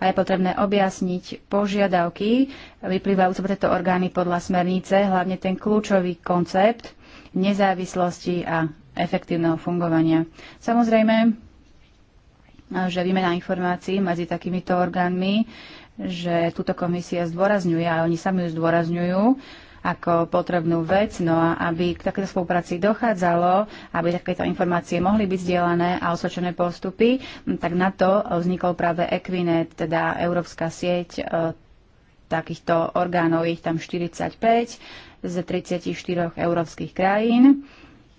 a je potrebné objasniť požiadavky vyplývajúce pre tieto orgány podľa smernice, hlavne ten kľúčový koncept nezávislosti a efektívneho fungovania. Samozrejme, že výmena informácií medzi takýmito orgánmi, že túto komisia zdôrazňuje a oni sami ju zdôrazňujú, ako potrebnú vec. No a aby k takéto spolupráci dochádzalo, aby takéto informácie mohli byť zdieľané a osočené postupy, tak na to vznikol práve Equinet, teda Európska sieť e, takýchto orgánov, ich tam 45 z 34 európskych krajín.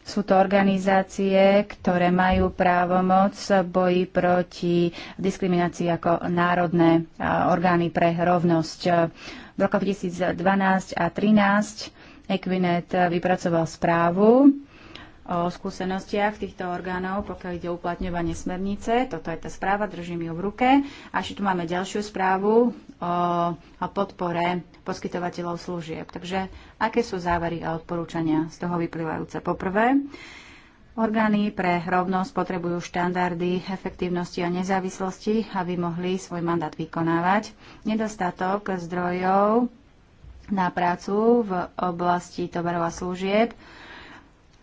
Sú to organizácie, ktoré majú právomoc boji proti diskriminácii ako národné e, orgány pre rovnosť. V roku 2012 a 2013 Equinet vypracoval správu o skúsenostiach týchto orgánov, pokiaľ ide o uplatňovanie smernice. Toto je tá správa, držím ju v ruke. A ešte tu máme ďalšiu správu o, o podpore poskytovateľov služieb. Takže aké sú závery a odporúčania z toho vyplývajúce? Poprvé, Orgány pre rovnosť potrebujú štandardy efektívnosti a nezávislosti, aby mohli svoj mandát vykonávať. Nedostatok zdrojov na prácu v oblasti tovarov a služieb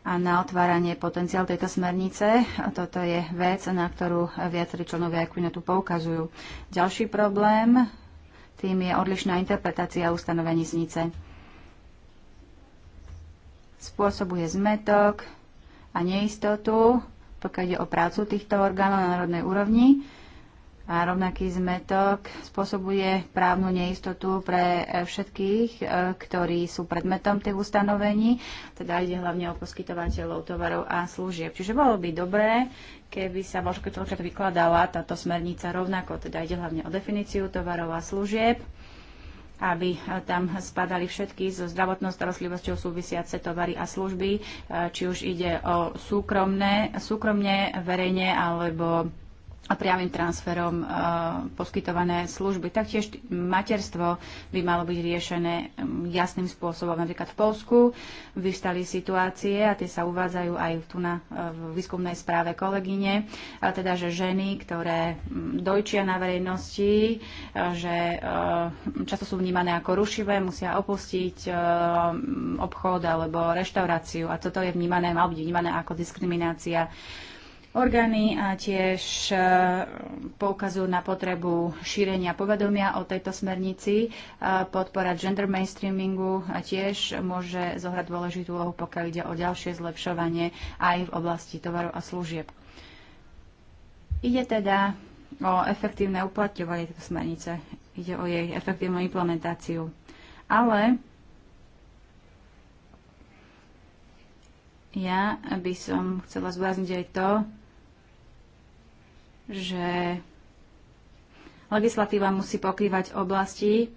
a na otváranie potenciál tejto smernice. Toto je vec, na ktorú viacerí členovia Equinetu poukazujú. Ďalší problém, tým je odlišná interpretácia ustanovení znice. Spôsobuje zmetok, a neistotu, pokiaľ ide o prácu týchto orgánov na národnej úrovni. A rovnaký zmetok spôsobuje právnu neistotu pre e, všetkých, e, ktorí sú predmetom tých ustanovení, teda ide hlavne o poskytovateľov tovarov a služieb. Čiže bolo by dobré, keby sa možno vykladala táto smernica rovnako, teda ide hlavne o definíciu tovarov a služieb aby e, tam spadali všetky so zdravotnou starostlivosťou súvisiace tovary a služby, e, či už ide o súkromné, súkromne, verejne alebo a priamým transferom e, poskytované služby. Taktiež materstvo by malo byť riešené jasným spôsobom. Napríklad v Polsku vystali situácie, a tie sa uvádzajú aj tu na e, v výskumnej správe kolegyne, a teda, že ženy, ktoré dojčia na verejnosti, e, že často sú vnímané ako rušivé, musia opustiť obchod alebo reštauráciu. A toto je vnímané, malo byť vnímané ako diskriminácia orgány a tiež e, poukazujú na potrebu šírenia povedomia o tejto smernici. E, podpora gender mainstreamingu a tiež môže zohrať dôležitú úlohu, pokiaľ ide o ďalšie zlepšovanie aj v oblasti tovarov a služieb. Ide teda o efektívne uplatňovanie tejto smernice. Ide o jej efektívnu implementáciu. Ale ja by som chcela zvázniť aj to, že legislatíva musí pokrývať oblasti,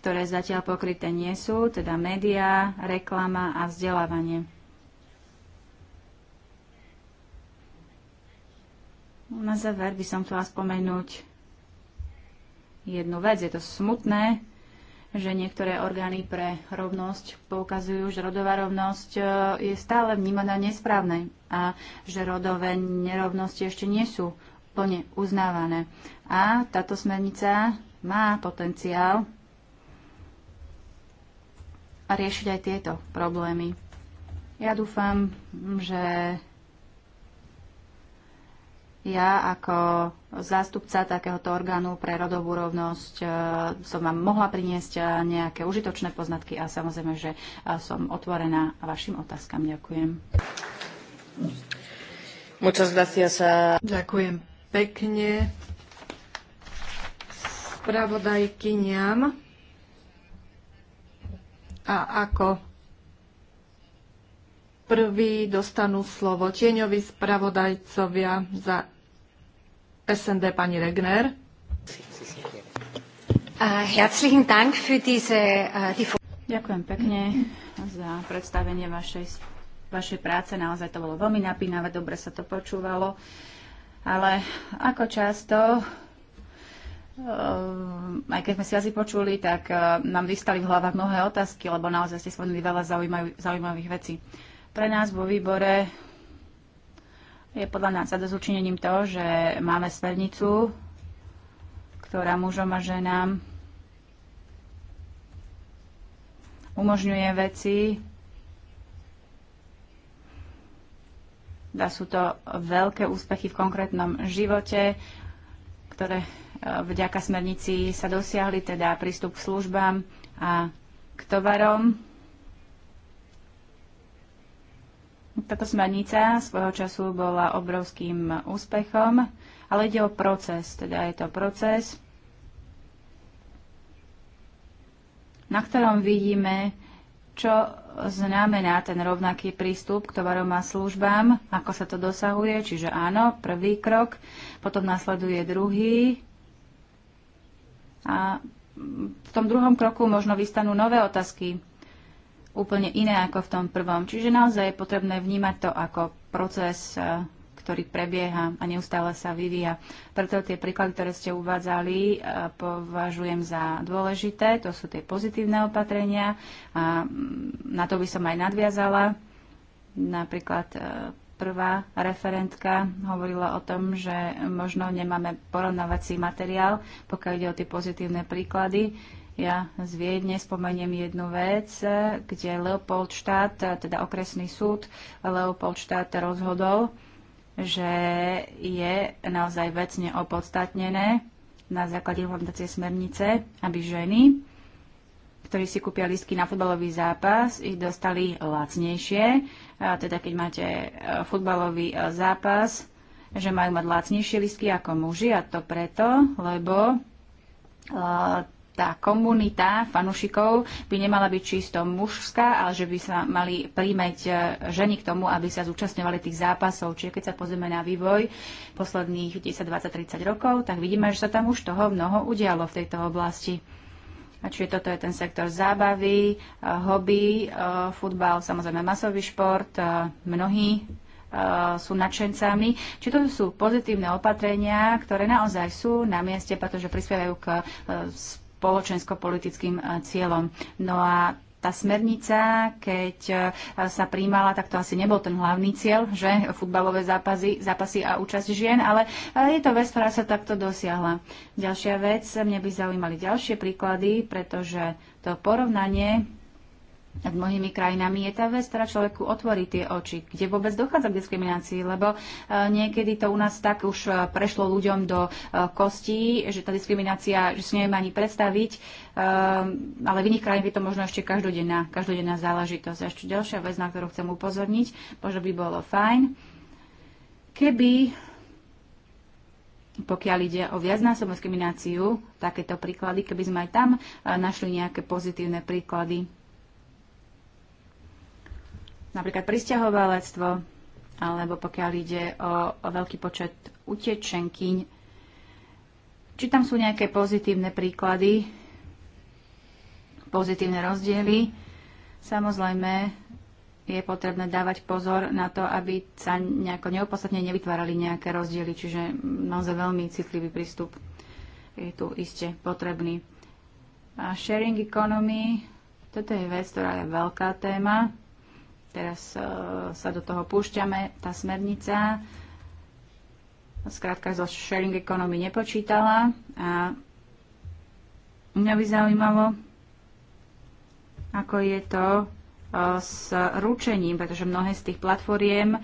ktoré zatiaľ pokryté nie sú, teda médiá, reklama a vzdelávanie. Na záver by som chcela spomenúť jednu vec. Je to smutné, že niektoré orgány pre rovnosť poukazujú, že rodová rovnosť e, je stále vnímaná nesprávne a že rodové nerovnosti ešte nie sú plne uznávané. A táto smernica má potenciál riešiť aj tieto problémy. Ja dúfam, že ja ako zástupca takéhoto orgánu pre rodovú rovnosť e, som vám mohla priniesť e, nejaké užitočné poznatky a samozrejme, že e, som otvorená vašim otázkam. Ďakujem. Ďakujem pekne spravodajkyniam. A ako Prvý dostanú slovo tieňoví spravodajcovia za SND pani Regner. Ďakujem pekne za predstavenie vašej, vašej práce. Naozaj to bolo veľmi napínavé, dobre sa to počúvalo. Ale ako často e, aj keď sme si asi počuli, tak e, nám vystali v hlavách mnohé otázky, lebo naozaj ste spomenuli veľa zaujímavých, zaujímavých vecí. Pre nás vo výbore je podľa nás zadozučinením to, že máme smernicu, ktorá mužom a ženám umožňuje veci. Dá sú to veľké úspechy v konkrétnom živote, ktoré e, vďaka smernici sa dosiahli, teda prístup k službám a k tovarom. Táto smernica svojho času bola obrovským úspechom, ale ide o proces, teda je to proces, na ktorom vidíme, čo znamená ten rovnaký prístup k tovarom a službám, ako sa to dosahuje, čiže áno, prvý krok, potom nasleduje druhý a v tom druhom kroku možno vystanú nové otázky, úplne iné ako v tom prvom. Čiže naozaj je potrebné vnímať to ako proces, e, ktorý prebieha a neustále sa vyvíja. Preto tie príklady, ktoré ste uvádzali, e, považujem za dôležité. To sú tie pozitívne opatrenia. A mm, na to by som aj nadviazala. Napríklad e, prvá referentka hovorila o tom, že možno nemáme porovnávací materiál, pokiaľ ide o tie pozitívne príklady ja z Viedne spomeniem jednu vec, kde Leopoldštát, teda okresný súd Leopoldštát rozhodol, že je naozaj vecne opodstatnené na základe implementácie smernice, aby ženy, ktorí si kúpia listky na futbalový zápas, ich dostali lacnejšie. A teda keď máte e, futbalový e, zápas, že majú mať lacnejšie listky ako muži a to preto, lebo e, tá komunita fanúšikov by nemala byť čisto mužská, ale že by sa mali príjmeť e, ženy k tomu, aby sa zúčastňovali tých zápasov. Čiže keď sa pozrieme na vývoj posledných 10, 20, 30 rokov, tak vidíme, že sa tam už toho mnoho udialo v tejto oblasti. A čiže toto je ten sektor zábavy, e, hobby, e, futbal, samozrejme masový šport, mnohí sú nadšencami. Či to sú pozitívne opatrenia, ktoré naozaj sú na mieste, pretože prispievajú k spoločensko-politickým eh, cieľom. No a tá smernica, keď eh, sa príjmala, tak to asi nebol ten hlavný cieľ, že futbalové zápasy, zápasy a účasť žien, ale eh, je to vec, ktorá sa takto dosiahla. Ďalšia vec, mne by zaujímali ďalšie príklady, pretože to porovnanie nad mnohými krajinami je tá vec, ktorá teda človeku otvorí tie oči, kde vôbec dochádza k diskriminácii, lebo e, niekedy to u nás tak už e, prešlo ľuďom do e, kostí, že tá diskriminácia, že si nevieme ani predstaviť, ale v iných krajinách je to možno ešte každodenná, každodenná záležitosť. A ešte ďalšia vec, na ktorú chcem upozorniť, možno by bolo fajn, keby pokiaľ ide o viacnásobnú diskrimináciu, takéto príklady, keby sme aj tam našli nejaké pozitívne príklady napríklad pristahovalectvo, alebo pokiaľ ide o, o veľký počet utečenkyň. Či tam sú nejaké pozitívne príklady, pozitívne rozdiely? Samozrejme, je potrebné dávať pozor na to, aby sa nejako neopodstatne nevytvárali nejaké rozdiely, čiže naozaj veľmi citlivý prístup je tu iste potrebný. A sharing economy, toto je vec, ktorá je veľká téma. Teraz e, sa do toho púšťame. Tá smernica zkrátka zo sharing economy nepočítala a mňa by zaujímalo, ako je to e, s ručením, pretože mnohé z tých platformiem e,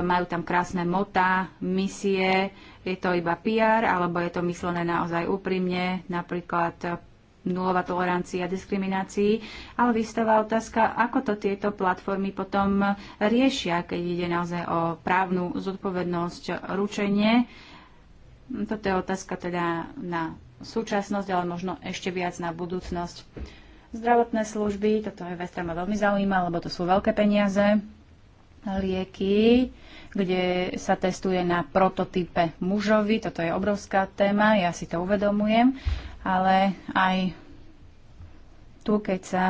majú tam krásne mota, misie, je to iba PR, alebo je to myslené naozaj úprimne, napríklad nulová tolerancia diskriminácií, ale vystáva otázka, ako to tieto platformy potom riešia, keď ide naozaj o právnu zodpovednosť, ručenie. Toto je otázka teda na súčasnosť, ale možno ešte viac na budúcnosť. Zdravotné služby, toto je vec, ma veľmi zaujíma, lebo to sú veľké peniaze. Lieky, kde sa testuje na prototype mužovi, toto je obrovská téma, ja si to uvedomujem ale aj tu, keď sa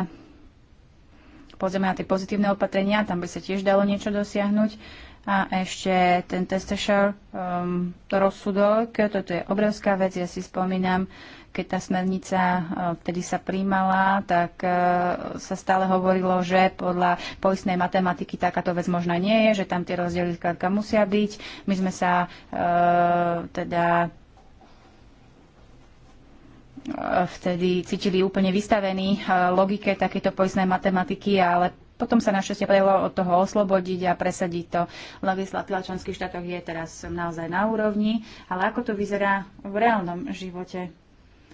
pozrieme na tie pozitívne opatrenia, tam by sa tiež dalo niečo dosiahnuť. A ešte ten testešer, um, to rozsudok, toto je obrovská vec, ja si spomínam, keď tá smernica uh, vtedy sa príjmala, tak uh, sa stále hovorilo, že podľa poistnej matematiky takáto vec možná nie je, že tam tie rozdiely musia byť. My sme sa e, teda Eh, vtedy cítili úplne vystavení eh, logike takéto poistnej matematiky, ale potom sa našťastie podarilo od toho oslobodiť a presadiť to. Legislatíva v členských štátoch je teraz naozaj na úrovni, ale ako to vyzerá v reálnom živote?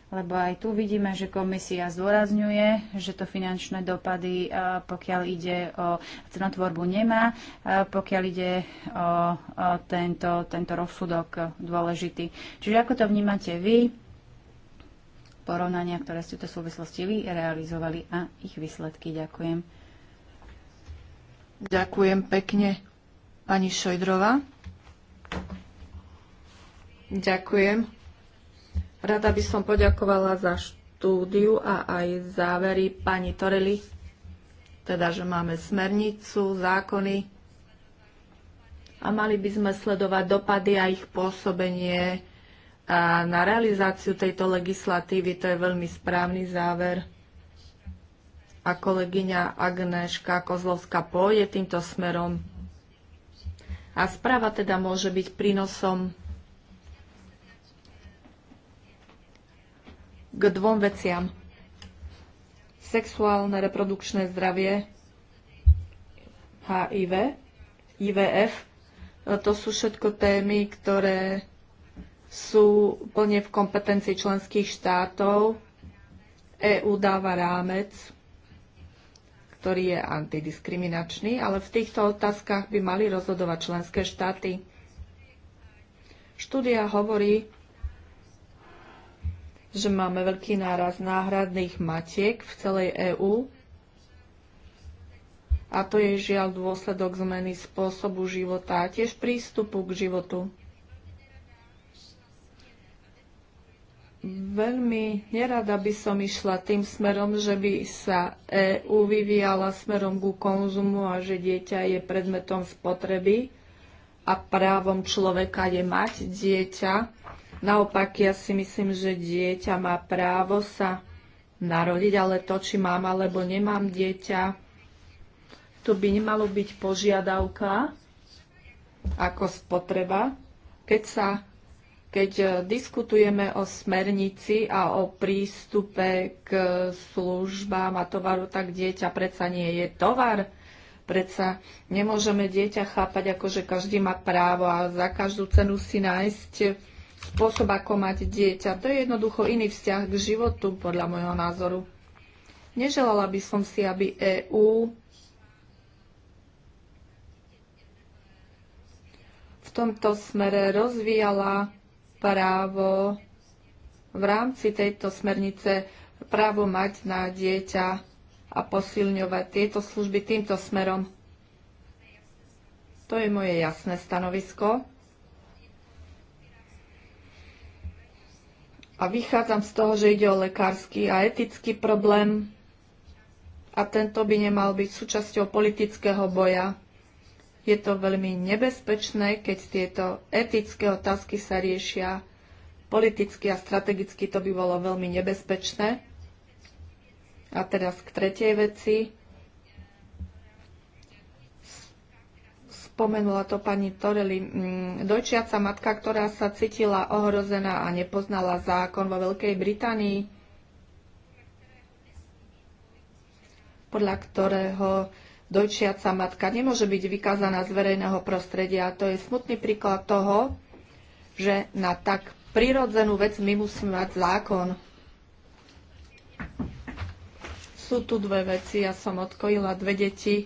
Lebo aj tu vidíme, že komisia zdôrazňuje, že to finančné dopady, eh, pokiaľ ide o cenotvorbu, nemá, pokiaľ ide o tento, tento rozsudok dôležitý. Čiže ako to vnímate vy? porovnania, ktoré ste v tejto súvislosti vy realizovali a ich výsledky. Ďakujem. Ďakujem pekne. Pani Šojdrova. Ďakujem. Rada by som poďakovala za štúdiu a aj závery pani Torely, teda že máme smernicu, zákony a mali by sme sledovať dopady a ich pôsobenie a na realizáciu tejto legislatívy. To je veľmi správny záver. A kolegyňa Agneška Kozlovská pôjde týmto smerom. A správa teda môže byť prínosom k dvom veciam. Sexuálne reprodukčné zdravie, HIV, IVF, to sú všetko témy, ktoré sú plne v kompetencii členských štátov. EÚ dáva rámec, ktorý je antidiskriminačný, ale v týchto otázkach by mali rozhodovať členské štáty. Štúdia hovorí, že máme veľký náraz náhradných matiek v celej EÚ a to je žiaľ dôsledok zmeny spôsobu života a tiež prístupu k životu. Veľmi nerada by som išla tým smerom, že by sa EU vyvíjala smerom ku konzumu a že dieťa je predmetom spotreby a právom človeka je mať dieťa. Naopak, ja si myslím, že dieťa má právo sa narodiť, ale to, či mám alebo nemám dieťa, to by nemalo byť požiadavka ako spotreba, keď sa keď e, diskutujeme o smernici a o prístupe k službám a tovaru, tak dieťa predsa nie je tovar. Predsa nemôžeme dieťa chápať ako, že každý má právo a za každú cenu si nájsť spôsob, ako mať dieťa. To je jednoducho iný vzťah k životu, podľa môjho názoru. Neželala by som si, aby EÚ v tomto smere rozvíjala právo v rámci tejto smernice právo mať na dieťa a posilňovať tieto služby týmto smerom. To je moje jasné stanovisko. A vychádzam z toho, že ide o lekársky a etický problém a tento by nemal byť súčasťou politického boja. Je to veľmi nebezpečné, keď tieto etické otázky sa riešia politicky a strategicky, to by bolo veľmi nebezpečné. A teraz k tretej veci. Spomenula to pani Torelli, mm, dojčiaca matka, ktorá sa cítila ohrozená a nepoznala zákon vo Veľkej Británii, podľa ktorého dojčiaca matka nemôže byť vykázaná z verejného prostredia. A to je smutný príklad toho, že na tak prirodzenú vec my musíme mať zákon. Sú tu dve veci. Ja som odkojila dve deti.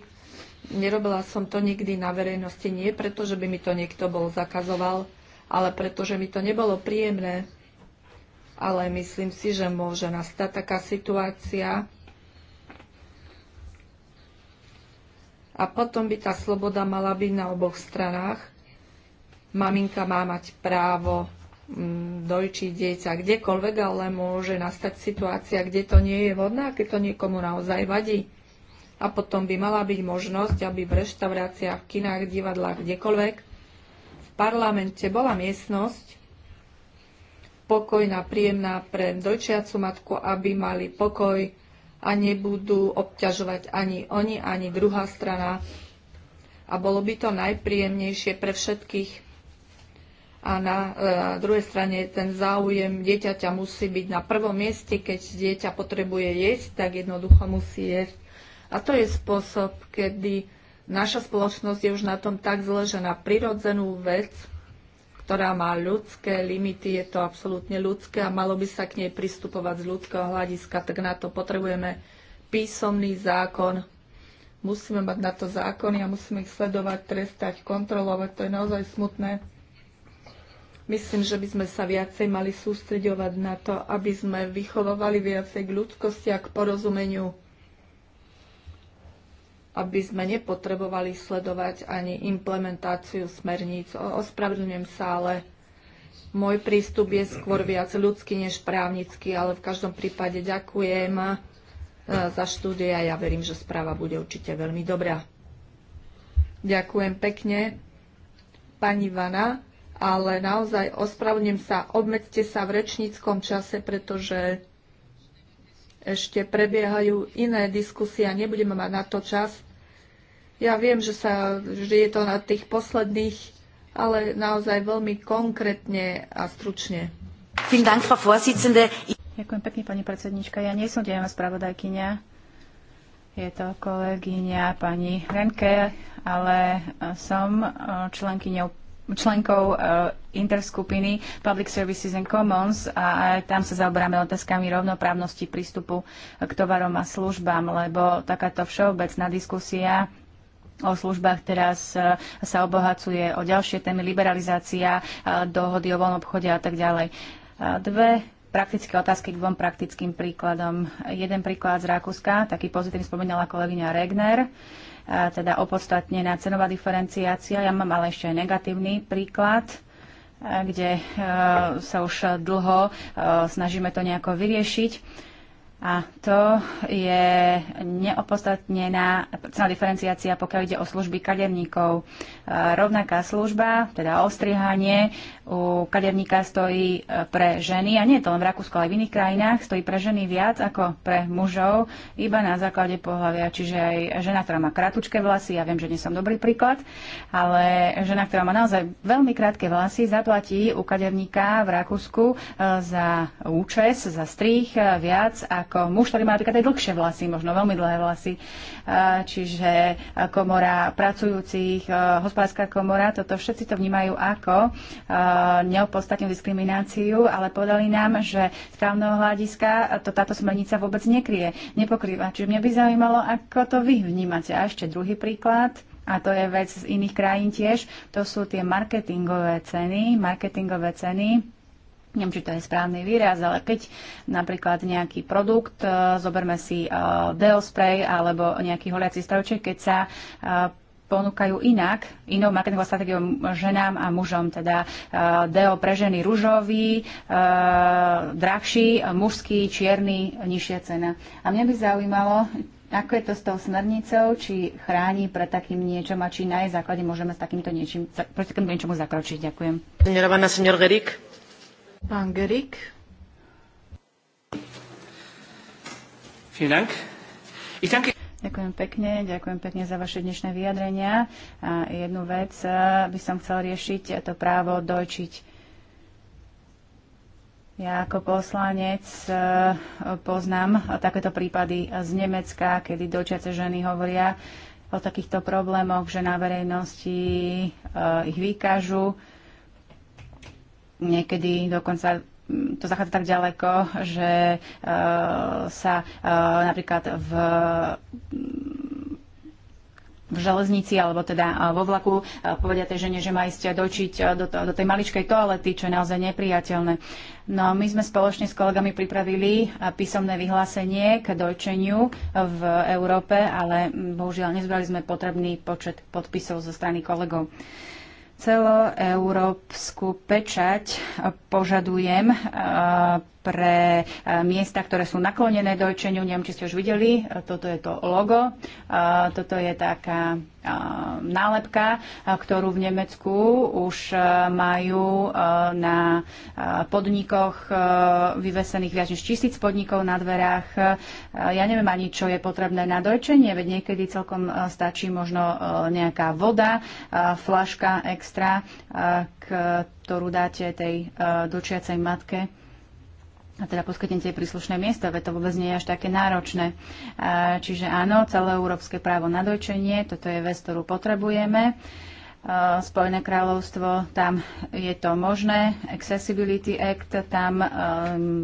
Nerobila som to nikdy na verejnosti. Nie preto, že by mi to niekto bol zakazoval, ale preto, že mi to nebolo príjemné. Ale myslím si, že môže nastať taká situácia, A potom by tá sloboda mala byť na oboch stranách. Maminka má mať právo mm, dojčiť dieťa kdekoľvek, ale môže nastať situácia, kde to nie je vhodné, keď to niekomu naozaj vadí. A potom by mala byť možnosť, aby v reštauráciách, v kinách, divadlách, kdekoľvek, v parlamente bola miestnosť, pokojná, príjemná pre dojčiacu matku, aby mali pokoj a nebudú obťažovať ani oni, ani druhá strana. A bolo by to najpríjemnejšie pre všetkých. A e, na, druhej strane ten záujem dieťaťa musí byť na prvom mieste, keď dieťa potrebuje jesť, tak jednoducho musí jesť. A to je spôsob, kedy naša spoločnosť je už na tom tak zle, že na prirodzenú vec ktorá má ľudské limity, je to absolútne ľudské a malo by sa k nej pristupovať z ľudského hľadiska, tak na to potrebujeme písomný zákon. Musíme mať na to zákony a musíme ich sledovať, trestať, kontrolovať. To je naozaj smutné. Myslím, že by sme sa viacej mali sústreďovať na to, aby sme vychovovali viacej k ľudskosti a k porozumeniu aby sme nepotrebovali sledovať ani implementáciu smerníc. Ospravedlňujem sa, ale môj prístup je skôr viac ľudský než právnický, ale v každom prípade ďakujem e, za štúdia. ja verím, že správa bude určite veľmi dobrá. Ďakujem pekne, pani Vana, ale naozaj ospravedlňujem sa, obmedzte sa v rečníckom čase, pretože ešte prebiehajú iné diskusie a nebudeme mať na to čas. Ja viem, že sa žije je to na tých posledných, ale naozaj veľmi konkrétne a stručne. Ďakujem pekne, pani predsednička. Ja nie som dejová spravodajkynia. Je to kolegyňa pani Renke, ale som členkyňou členkou e, interskupiny Public Services and Commons a tam sa zaoberáme otázkami rovnoprávnosti prístupu k tovarom a službám, lebo takáto všeobecná diskusia o službách teraz e, sa obohacuje o ďalšie témy, liberalizácia, e, dohody o voľnom obchode a tak ďalej. Dve praktické otázky k dvom praktickým príkladom. Jeden príklad z Rakúska, taký pozitívny spomínala kolegyňa Regner. Uh, teda opodstatnená cenová diferenciácia. Ja mám ale ešte aj negatívny príklad e, kde e, sa už dlho e, snažíme to nejako vyriešiť. A to je neopodstatnená cena diferenciácia, pokiaľ ide o služby kaderníkov rovnaká služba, teda ostrihanie u kaderníka stojí e, pre ženy, a nie je to len v Rakúsku, ale aj v iných krajinách, stojí pre ženy viac ako pre mužov, iba na základe pohľavia. Čiže aj žena, ktorá má kratučké vlasy, ja viem, že nie som dobrý príklad, ale žena, ktorá má naozaj veľmi krátke vlasy, zaplatí u kaderníka v Rakúsku e, za účes, za strých, e, viac ako muž, ktorý má napríklad aj dlhšie vlasy, možno veľmi dlhé vlasy čiže komora pracujúcich, e, hospodárska komora, toto všetci to vnímajú ako e, neopodstatnú diskrimináciu, ale povedali nám, že z právneho hľadiska to táto smernica vôbec nekrie, nepokrýva. Čiže mňa by zaujímalo, ako to vy vnímate. A ešte druhý príklad a to je vec z iných krajín tiež, to sú tie marketingové ceny, marketingové ceny neviem, či to je správny výraz, ale keď napríklad nejaký produkt, e, zoberme si e, spray alebo nejaký holiaci stavček, keď sa e, ponúkajú inak, inou marketingovou stratégiou ženám a mužom, teda deo pre ženy ružový, drahší, mužský, čierny, nižšia cena. A mňa by zaujímalo, ako je to s tou smernicou, či chráni pred takým niečom a či na jej základe môžeme s takýmto niečím, proti takýmto niečomu zakročiť. Ďakujem. Gerik. Pán Gerik. Ďakujem pekne, ďakujem pekne za vaše dnešné vyjadrenia. A jednu vec eh, by som chcel riešiť, to právo dojčiť. Ja ako poslanec eh, poznám takéto prípady z Nemecka, kedy dočiace ženy hovoria o takýchto problémoch, že na verejnosti eh, ich vykážu Niekedy dokonca mm, to zachádza tak ďaleko, že eh, sa eh, napríklad v v železnici alebo teda eh, vo vlaku povedia tej žene, že má ísť dočiť do, to, do tej maličkej toalety, čo je naozaj nepriateľné. No my sme spoločne s kolegami pripravili písomné vyhlásenie k dojčeniu v Európe, ale mm, bohužiaľ nezbrali sme potrebný počet podpisov zo strany kolegov. Uh, celoeurópsku pečať požadujem e, pre e, miesta, ktoré sú naklonené dojčeniu. Neviem, či ste už videli, e, toto je to logo. Toto je taká Eh, nálepka, eh, ktorú v Nemecku už eh, majú na podnikoch vyvesených viac než tisíc podnikov na dverách. Ja neviem ani, čo je potrebné na dojčenie, veď niekedy celkom stačí možno nejaká voda, flaška extra, ktorú dáte tej dočiacej matke a teda poskytnete príslušné miesta, veď to vôbec nie je až také náročné. Čiže áno, celé európske právo na dojčenie, toto je vec, ktorú potrebujeme. Spojené kráľovstvo, tam je to možné. Accessibility Act, tam um,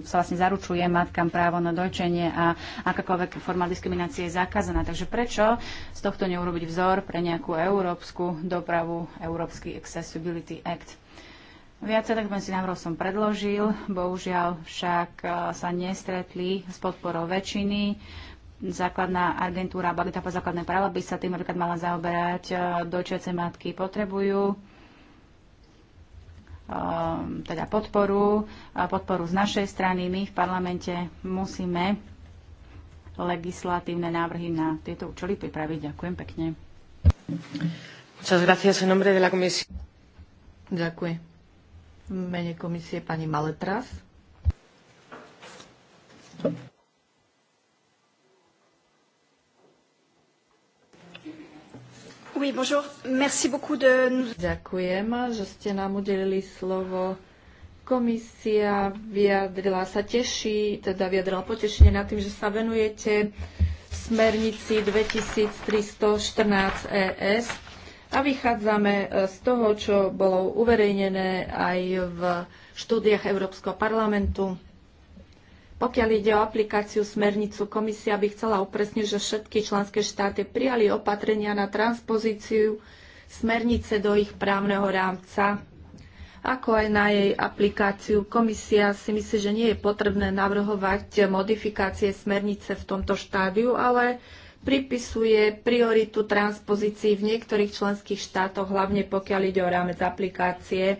sa vlastne zaručuje matkám právo na dojčenie a akákoľvek forma diskriminácie je zakázaná. Takže prečo z tohto neurobiť vzor pre nejakú európsku dopravu, Európsky Accessibility Act? Viacerých si návrhov som predložil, bohužiaľ však e, sa nestretli s podporou väčšiny. Základná agentúra Bagita po základné práva by sa tým napríklad mala zaoberať, e, dočiace matky potrebujú e, teda podporu, podporu z našej strany. My v parlamente musíme legislatívne návrhy na tieto účely pripraviť. Ďakujem pekne. Ďakujem mene komisie pani Maletras. Oui, bonjour. Merci beaucoup de... Ďakujem, že ste nám udelili slovo. Komisia vyjadrila sa teší, teda vyjadrila potešenie nad tým, že sa venujete smernici 2314 ES a vychádzame e, z toho, čo bolo uverejnené aj v štúdiách Európskeho parlamentu. Pokiaľ ide o aplikáciu smernicu, komisia by chcela upresniť, že všetky členské štáty prijali opatrenia na transpozíciu smernice do ich právneho rámca, ako aj na jej aplikáciu. Komisia si myslí, že nie je potrebné navrhovať modifikácie smernice v tomto štádiu, ale pripisuje prioritu transpozícii v niektorých členských štátoch, hlavne pokiaľ ide o rámec aplikácie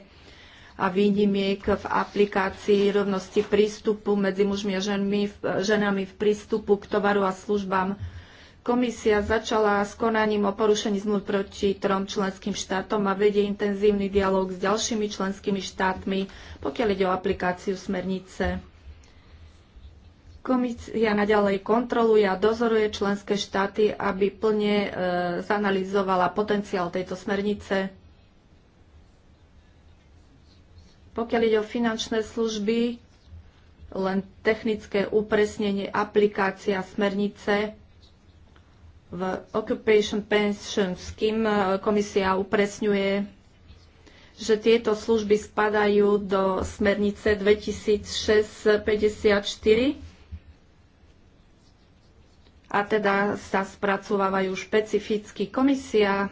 a výnimiek v aplikácii rovnosti prístupu medzi mužmi a ženmi, ženami v prístupu k tovaru a službám. Komisia začala s konaním o porušení zmluv proti trom členským štátom a vedie intenzívny dialog s ďalšími členskými štátmi, pokiaľ ide o aplikáciu smernice. Komisia naďalej kontroluje a dozoruje členské štáty, aby plne e, zanalizovala potenciál tejto smernice. Pokiaľ ide o finančné služby, len technické upresnenie aplikácia smernice v Occupation Pension Scheme e, komisia upresňuje, že tieto služby spadajú do smernice 2654 a teda sa spracovávajú špecificky komisia.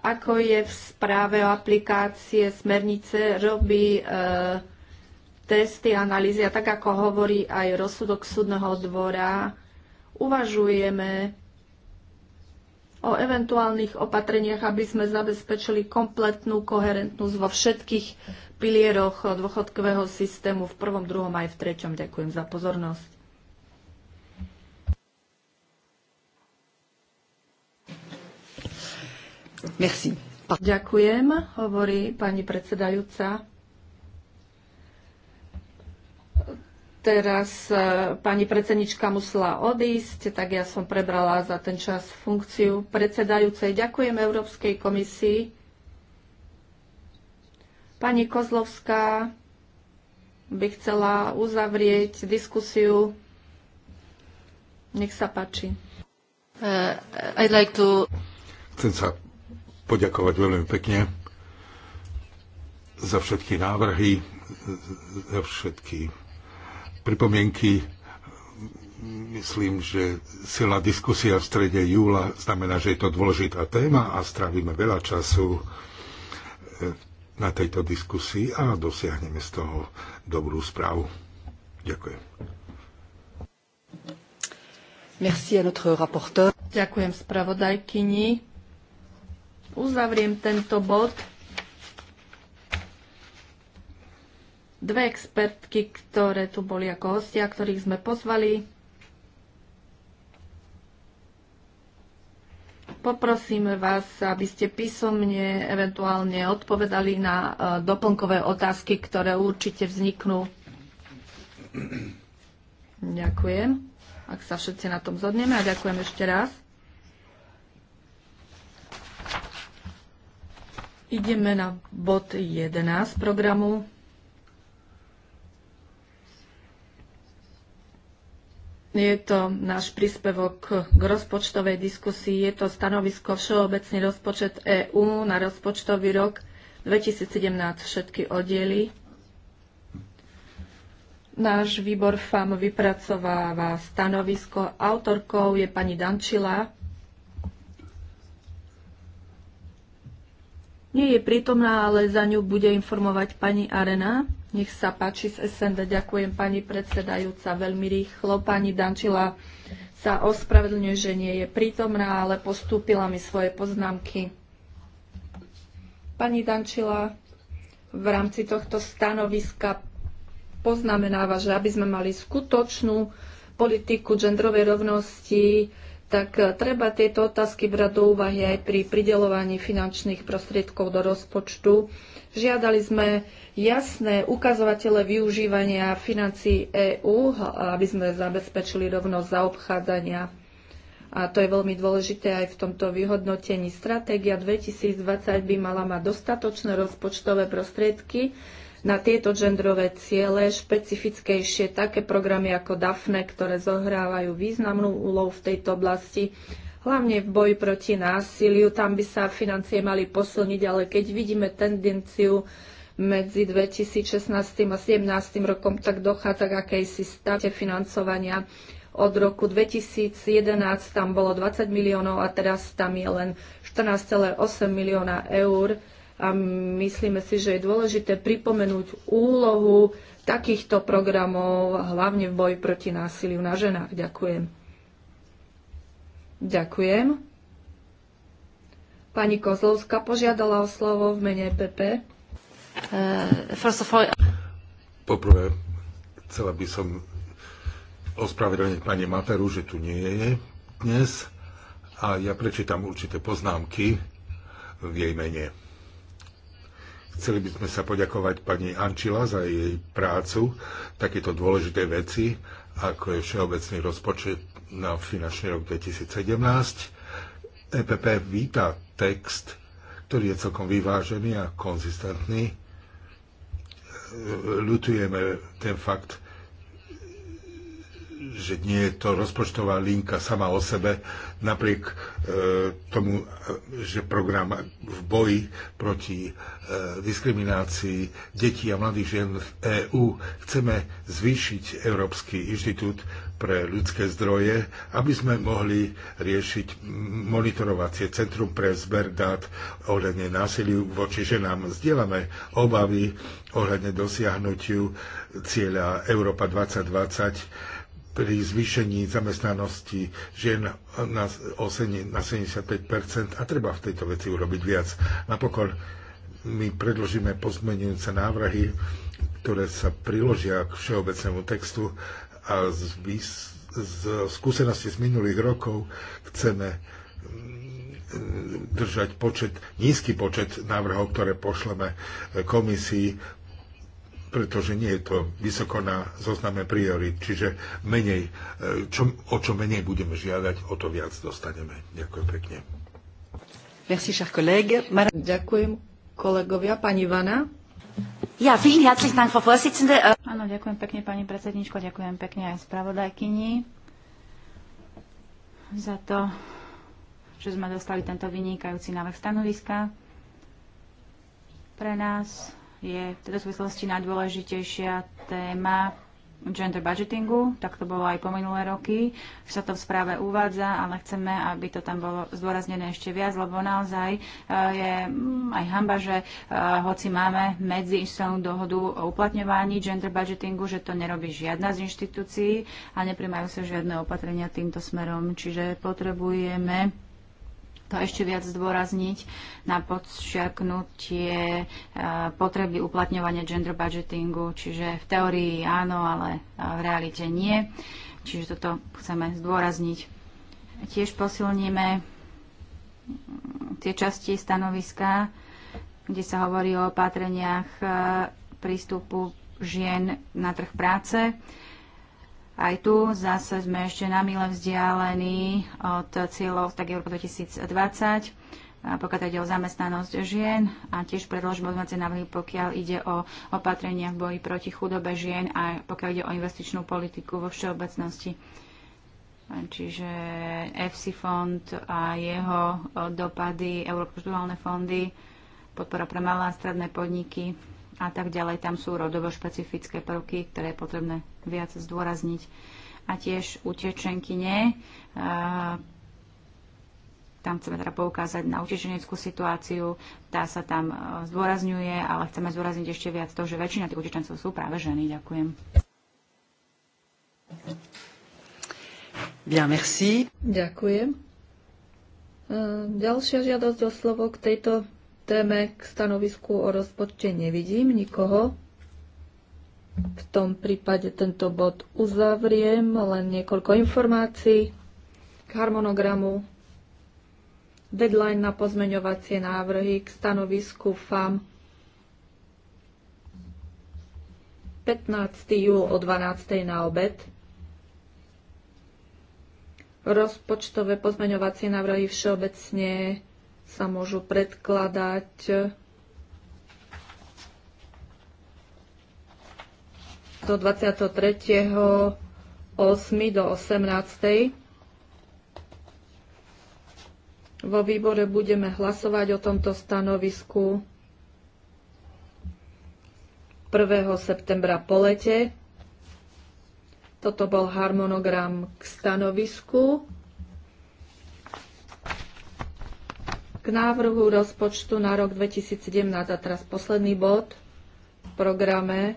Ako je v správe o aplikácie smernice, robí e, testy, analýzy a tak ako hovorí aj rozsudok súdneho dvora, uvažujeme o eventuálnych opatreniach, aby sme zabezpečili kompletnú koherentnosť vo všetkých pilieroch dôchodkového systému v prvom, druhom aj v treťom. Ďakujem za pozornosť. Merci. Ďakujem, hovorí pani predsedajúca. Teraz e, pani predsednička musela odísť, tak ja som prebrala za ten čas funkciu predsedajúcej. Ďakujem Európskej komisii Pani Kozlovská by chcela uzavrieť diskusiu. Nech sa páči. Uh, I'd like to... Chcem sa poďakovať veľmi pekne za všetky návrhy, za všetky pripomienky. Myslím, že silná diskusia v strede júla znamená, že je to dôležitá téma a strávime veľa času na tejto diskusii a dosiahneme z toho dobrú správu. Ďakujem. Merci à notre rapporteur. Ďakujem spravodajkyni. Uzavriem tento bod. Dve expertky, ktoré tu boli ako hostia, ktorých sme pozvali. Poprosím vás, aby ste písomne eventuálne odpovedali na e, doplnkové otázky, ktoré určite vzniknú. Ďakujem, ak sa všetci na tom zhodneme a ďakujem ešte raz. Ideme na bod 11 programu. Je to náš príspevok k rozpočtovej diskusii. Je to stanovisko Všeobecný rozpočet EÚ na rozpočtový rok 2017 všetky oddiely. Náš výbor FAM vypracováva stanovisko. Autorkou je pani Dančila. Nie je prítomná, ale za ňu bude informovať pani Arena. Nech sa páči z SND. Ďakujem pani predsedajúca veľmi rýchlo. Pani Dančila sa ospravedlňuje, že nie je prítomná, ale postúpila mi svoje poznámky. Pani Dančila v rámci tohto stanoviska poznamenáva, že aby sme mali skutočnú politiku genderovej rovnosti, tak e, treba tieto otázky brať do úvahy aj pri pridelovaní finančných prostriedkov do rozpočtu. Žiadali sme jasné ukazovatele využívania financií EÚ, aby sme zabezpečili rovnosť zaobchádzania. A to je veľmi dôležité aj v tomto vyhodnotení. Stratégia 2020 by mala mať dostatočné rozpočtové prostriedky, na tieto genderové ciele špecifickejšie také programy ako DAFNE, ktoré zohrávajú významnú úlohu v tejto oblasti, hlavne v boji proti násiliu. Tam by sa financie mali posilniť, ale keď vidíme tendenciu medzi 2016 a 2017 rokom, tak dochádza k akejsi state financovania. Od roku 2011 tam bolo 20 miliónov a teraz tam je len 14,8 milióna eur a myslíme si, že je dôležité pripomenúť úlohu takýchto programov, hlavne v boji proti násiliu na ženách. Ďakujem. Ďakujem. Pani Kozlovská požiadala o slovo v mene PP. E uh, all... Poprvé, chcela by som ospravedlniť pani Materu, že tu nie je dnes a ja prečítam určité poznámky v jej mene. Chceli by sme sa poďakovať pani Ančila za jej prácu, takéto dôležité veci, ako je všeobecný rozpočet na finančný rok 2017. EPP víta text, ktorý je celkom vyvážený a konzistentný. E, ľutujeme ten fakt, že nie je to rozpočtová linka sama o sebe, napriek e, tomu, e, že program v boji proti e, diskriminácii detí a mladých žien v EÚ chceme zvýšiť Európsky inštitút pre ľudské zdroje, aby sme mohli riešiť monitorovacie centrum pre zber dát ohľadne násiliu voči ženám. Zdieľame obavy ohľadne dosiahnutiu cieľa Európa 2020 pri zvýšení zamestnanosti žien na, na 75 a treba v tejto veci urobiť viac. Napokon my predložíme pozmenujúce návrhy, ktoré sa priložia k všeobecnému textu a z, z skúsenosti z minulých rokov chceme mm, držať počet, nízky počet návrhov, ktoré pošleme komisii pretože nie je to vysoko na zozname priorit, čiže menej, e, čo, o čo menej budeme žiadať, o to viac dostaneme. Ďakujem pekne. Merci, cher collègue. Mar- Ďakujem kolegovia. Pani Ivana. Ja, vielen herzlichen Dank, Frau Vorsitzende. Äh, Áno, ďakujem pekne, pani predsedničko, ďakujem pekne aj spravodajkyni za to, že sme dostali tento vynikajúci návrh stanoviska pre nás je v tejto súvislosti najdôležitejšia téma gender budgetingu, tak to bolo aj po minulé roky, sa to v správe uvádza, ale chceme, aby to tam bolo zdôraznené ešte viac, lebo naozaj e, je mm, aj hamba, že e, hoci máme medzi inštitúciálnu dohodu o uplatňovaní gender budgetingu, že to nerobí žiadna z inštitúcií a neprimajú sa žiadne opatrenia týmto smerom, čiže potrebujeme to ešte viac zdôrazniť na podčiaknutie eh, potreby uplatňovania gender budgetingu. Čiže v teórii áno, ale eh, v realite nie. Čiže toto chceme zdôrazniť. Tiež posilníme mm, tie časti stanoviska, kde sa hovorí o opatreniach eh, prístupu žien na trh práce. Aj tu zase sme ešte na mile vzdialení od cieľov tak roku 2020 pokiaľ ide o zamestnanosť žien a tiež predložím pozmeňovacie návrhy, pokiaľ ide o opatrenia v boji proti chudobe žien a pokiaľ ide o investičnú politiku vo všeobecnosti. Čiže EFSI fond a jeho dopady, eurokulturálne fondy, podpora pre malé a stredné podniky, a tak ďalej. Tam sú rodovo špecifické prvky, ktoré je potrebné viac zdôrazniť. A tiež nie. Tam chceme teda poukázať na utečeneckú situáciu. Tá sa tam e, zdôrazňuje, ale chceme zdôrazniť ešte viac to, že väčšina tých utečencov sú práve ženy. Ďakujem. Bien, merci. Ďakujem. E, ďalšia žiadosť o slovo k tejto téme k stanovisku o rozpočte nevidím nikoho. V tom prípade tento bod uzavriem, len niekoľko informácií k harmonogramu. Deadline na pozmeňovacie návrhy k stanovisku FAM 15. júl o 12. na obed. Rozpočtové pozmeňovacie návrhy všeobecne sa môžu predkladať eh, do 23. 8. do 18. Vo výbore budeme hlasovať o tomto stanovisku 1. septembra po lete. Toto bol harmonogram k stanovisku. návrhu rozpočtu na rok 2017 a teraz posledný bod v programe,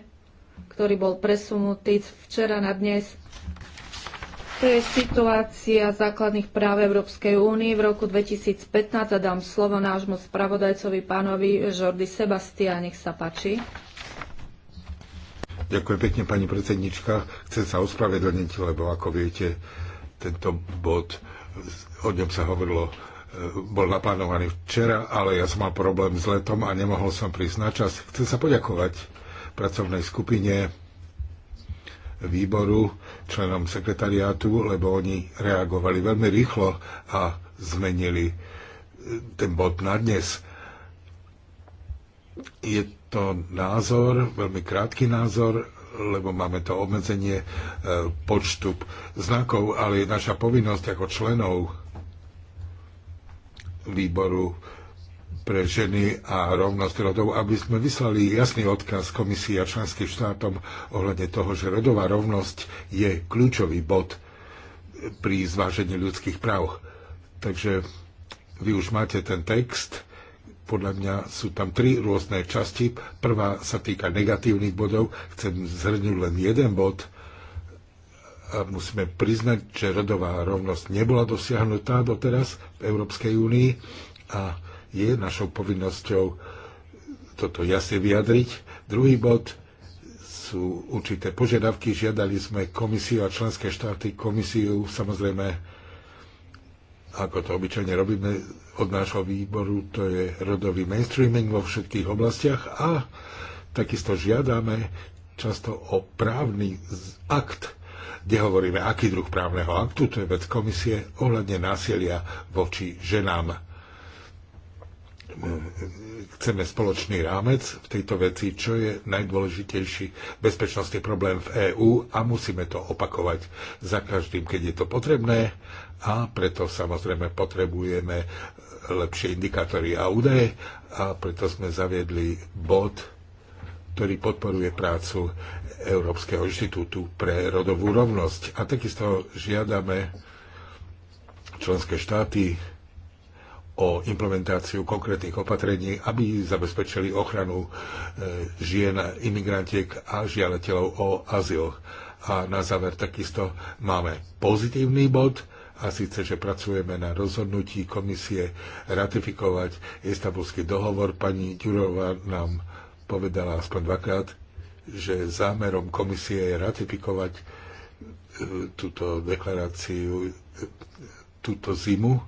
ktorý bol presunutý včera na dnes. To je situácia základných práv Európskej únie v roku 2015 a dám slovo nášmu spravodajcovi pánovi Jordi Sebastián. Nech sa páči. Ďakujem pekne, pani predsednička. Chcem sa ospravedlniť, lebo ako viete, tento bod, o ňom sa hovorilo bol naplánovaný včera, ale ja som mal problém s letom a nemohol som prísť na čas. Chcem sa poďakovať pracovnej skupine výboru, členom sekretariátu, lebo oni reagovali veľmi rýchlo a zmenili e, ten bod na dnes. Je to názor, veľmi krátky názor, lebo máme to obmedzenie e, počtu znakov, ale je naša povinnosť ako členov výboru pre ženy a rovnosť rodov, teda aby sme vyslali jasný odkaz komisii a členským štátom ohľadne toho, že rodová rovnosť je kľúčový bod pri zvážení ľudských práv. Takže vy už máte ten text. Podľa mňa sú tam tri rôzne časti. Prvá sa týka negatívnych bodov. Chcem zhrnúť len jeden bod a musíme priznať, že rodová rovnosť nebola dosiahnutá doteraz v Európskej únii a je našou povinnosťou toto jasne vyjadriť. Druhý bod sú určité požiadavky. Žiadali sme komisiu a členské štáty komisiu, samozrejme, ako to obyčajne robíme od nášho výboru, to je rodový mainstreaming vo všetkých oblastiach a takisto žiadame často o právny akt, kde hovoríme, aký druh právneho aktu, to je vec komisie ohľadne násilia voči ženám. Chceme spoločný rámec v tejto veci, čo je najdôležitejší bezpečnostný problém v EÚ a musíme to opakovať za každým, keď je to potrebné a preto samozrejme potrebujeme lepšie indikátory a údaje a preto sme zaviedli bod ktorý podporuje prácu Európskeho inštitútu pre rodovú rovnosť. A takisto žiadame členské štáty o implementáciu konkrétnych opatrení, aby zabezpečili ochranu e, žien, imigrantiek a žiadateľov o azyl. A na záver takisto máme pozitívny bod, a síce, že pracujeme na rozhodnutí komisie ratifikovať istambulský dohovor. Pani Ďurová nám povedala aspoň dvakrát, že zámerom komisie je ratifikovať e, túto deklaráciu e, túto zimu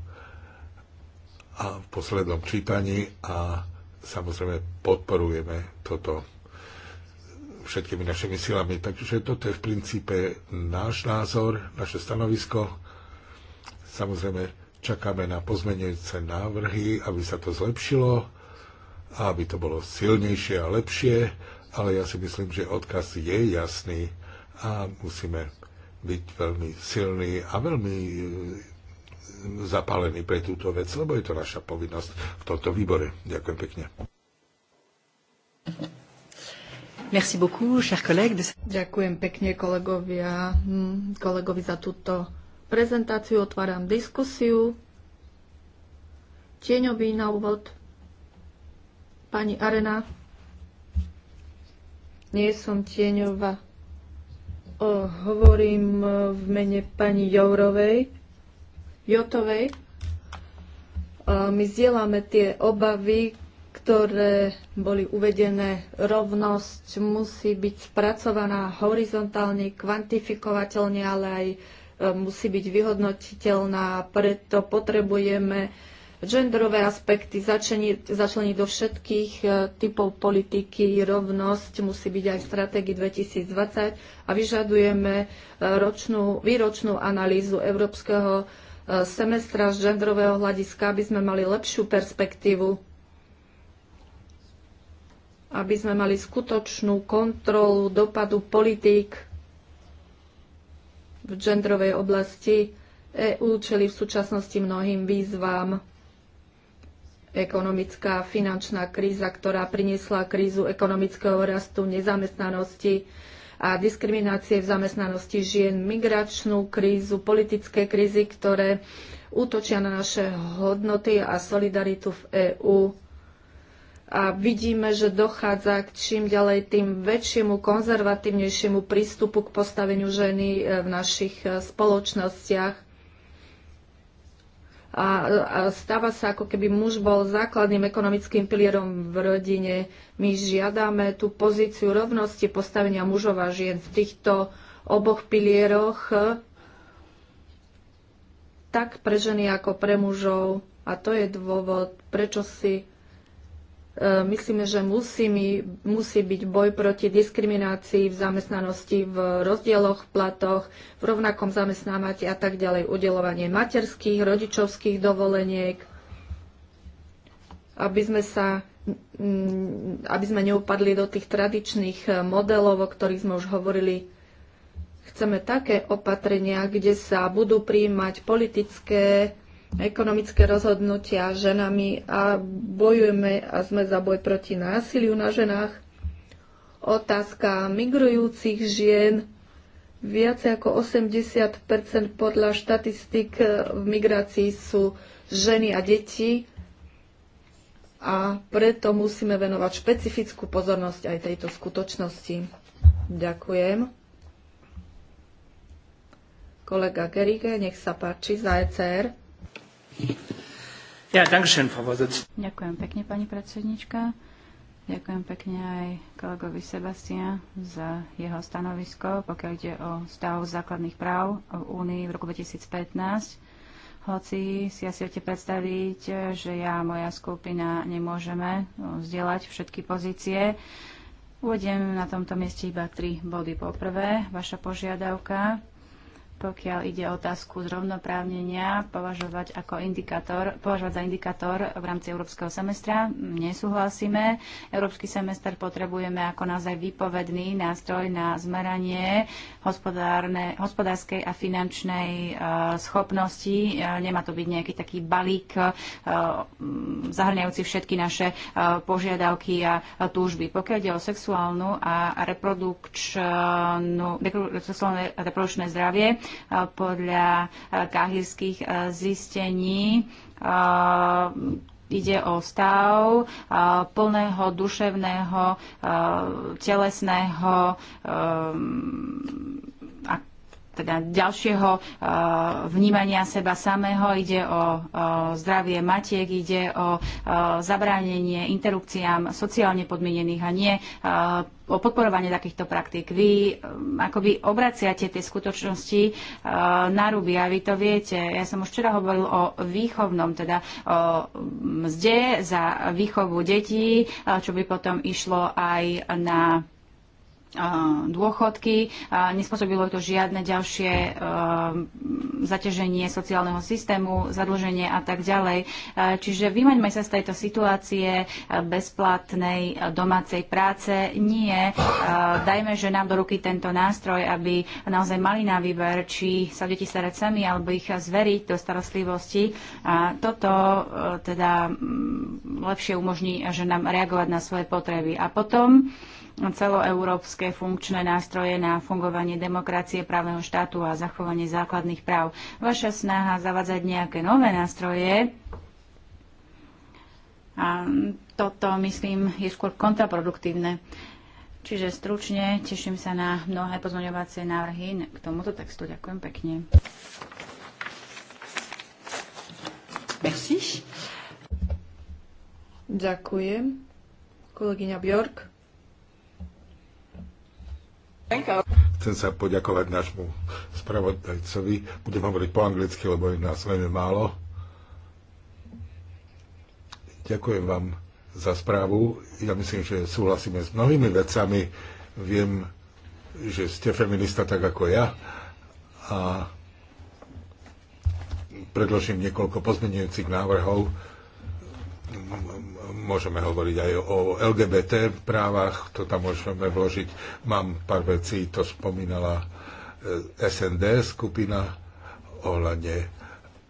a v poslednom čítaní a samozrejme podporujeme toto všetkými našimi silami. Takže toto je v princípe náš názor, naše stanovisko. Samozrejme, čakáme na pozmenujúce návrhy, aby sa to zlepšilo a aby to bolo silnejšie a lepšie ale ja si myslím, že odkaz je jasný a musíme byť veľmi silní a veľmi e, zapálení pre túto vec, lebo je to naša povinnosť v tomto výbore. Ďakujem pekne. Merci beaucoup, cher collègue. Ďakujem pekne kolegovia, hm, kolegovi za túto prezentáciu. Otváram diskusiu. Tieňový na úvod. Pani Arena. Nie som tieňová. O, hovorím e, v mene pani Jourovej, Jotovej. My zdieľame tie obavy, ktoré boli uvedené. Rovnosť musí byť spracovaná horizontálne, kvantifikovateľne, ale aj e, musí byť vyhodnotiteľná. Preto potrebujeme genderové aspekty začleniť, do všetkých e, typov politiky. Rovnosť musí byť aj v stratégii 2020 a vyžadujeme e, ročnú, výročnú analýzu európskeho e, semestra z genderového hľadiska, aby sme mali lepšiu perspektívu, aby sme mali skutočnú kontrolu dopadu politík v genderovej oblasti. EU čeli v súčasnosti mnohým výzvám ekonomická finančná kríza, ktorá priniesla krízu ekonomického rastu, nezamestnanosti a diskriminácie v zamestnanosti žien, migračnú krízu, politické krízy, ktoré útočia na naše hodnoty a solidaritu v EÚ. A vidíme, že dochádza k čím ďalej tým väčšiemu, konzervatívnejšiemu prístupu k postaveniu ženy eh, v našich eh, spoločnostiach a, a stáva sa, ako keby muž bol základným ekonomickým pilierom v rodine. My žiadame tú pozíciu rovnosti postavenia mužov a žien v týchto oboch pilieroch eh, tak pre ženy ako pre mužov. A to je dôvod, prečo si E, myslíme, že musí, musí byť boj proti diskriminácii v zamestnanosti, v rozdieloch, v platoch, v rovnakom zamestnávate a tak ďalej, udelovanie materských, rodičovských dovoleniek, aby sme sa mm, aby sme neupadli do tých tradičných e, modelov, o ktorých sme už hovorili. Chceme také opatrenia, kde sa budú príjmať politické ekonomické rozhodnutia ženami a bojujeme a sme za boj proti násiliu na ženách. Otázka migrujúcich žien. Viac ako 80 podľa štatistik v migrácii sú ženy a deti a preto musíme venovať špecifickú pozornosť aj tejto skutočnosti. Ďakujem. Kolega Gerige, nech sa páči za ECR. Ja, Ďakujem pekne, pani predsednička. Ďakujem pekne aj kolegovi Sebastian za jeho stanovisko, pokiaľ ide o stav základných práv v Únii v roku 2015. Hoci si asi viete predstaviť, že ja a moja skupina nemôžeme vzdielať no, všetky pozície, uvediem na tomto mieste iba tri body. Po prvé, vaša požiadavka pokiaľ ide o otázku zrovnoprávnenia, považovať ako indikátor, považovať za indikátor v rámci európskeho semestra. Nesúhlasíme. Európsky semester potrebujeme ako naozaj výpovedný nástroj na zmeranie hospodárskej a finančnej e, schopnosti. E, nemá to byť nejaký taký balík e, zahrňajúci všetky naše požiadavky a túžby. Pokiaľ ide o sexuálnu a reprodukčnú, sexuálne reprodukčné zdravie, podľa e, kahirských e, zistení e, Ide o stav plného duševného, telesného teda ďalšieho eh, vnímania seba samého, ide o eh, zdravie matiek, ide o eh, zabránenie interrupciám sociálne podmienených a nie o podporovanie takýchto praktík. Vy akoby obraciate tie skutočnosti na ruby a vy to viete. Ja som už včera hovoril o výchovnom, teda o mzde za výchovu detí, čo by potom išlo aj na dôchodky. nespôsobilo to žiadne ďalšie e, zaťaženie sociálneho systému, zadlženie a tak ďalej. E, čiže vymaňme sa z tejto situácie e, bezplatnej domácej práce. Nie, dajme ženám do ruky tento nástroj, aby naozaj mali na výber, či sa deti starať sami, alebo ich zveriť do starostlivosti. A toto teda lepšie umožní nám reagovať na svoje potreby. A potom celoeurópske funkčné nástroje na fungovanie demokracie, právneho štátu a zachovanie základných práv. Vaša snaha zavadzať nejaké nové nástroje a toto, myslím, je skôr kontraproduktívne. Čiže stručne teším sa na mnohé pozmeňovacie návrhy k tomuto textu. Ďakujem pekne. Merci. Ďakujem. Kolegyňa Bjork. Chcem sa poďakovať nášmu spravodajcovi. Budem hovoriť po anglicky, lebo je nás veľmi málo. Ďakujem vám za správu. Ja myslím, že súhlasíme s mnohými vecami. Viem, že ste feminista tak ako ja a predložím niekoľko pozmenujúcich návrhov môžeme hovoriť aj o LGBT právach, to tam môžeme vložiť. Mám pár vecí, to spomínala eh, SND skupina ohľadne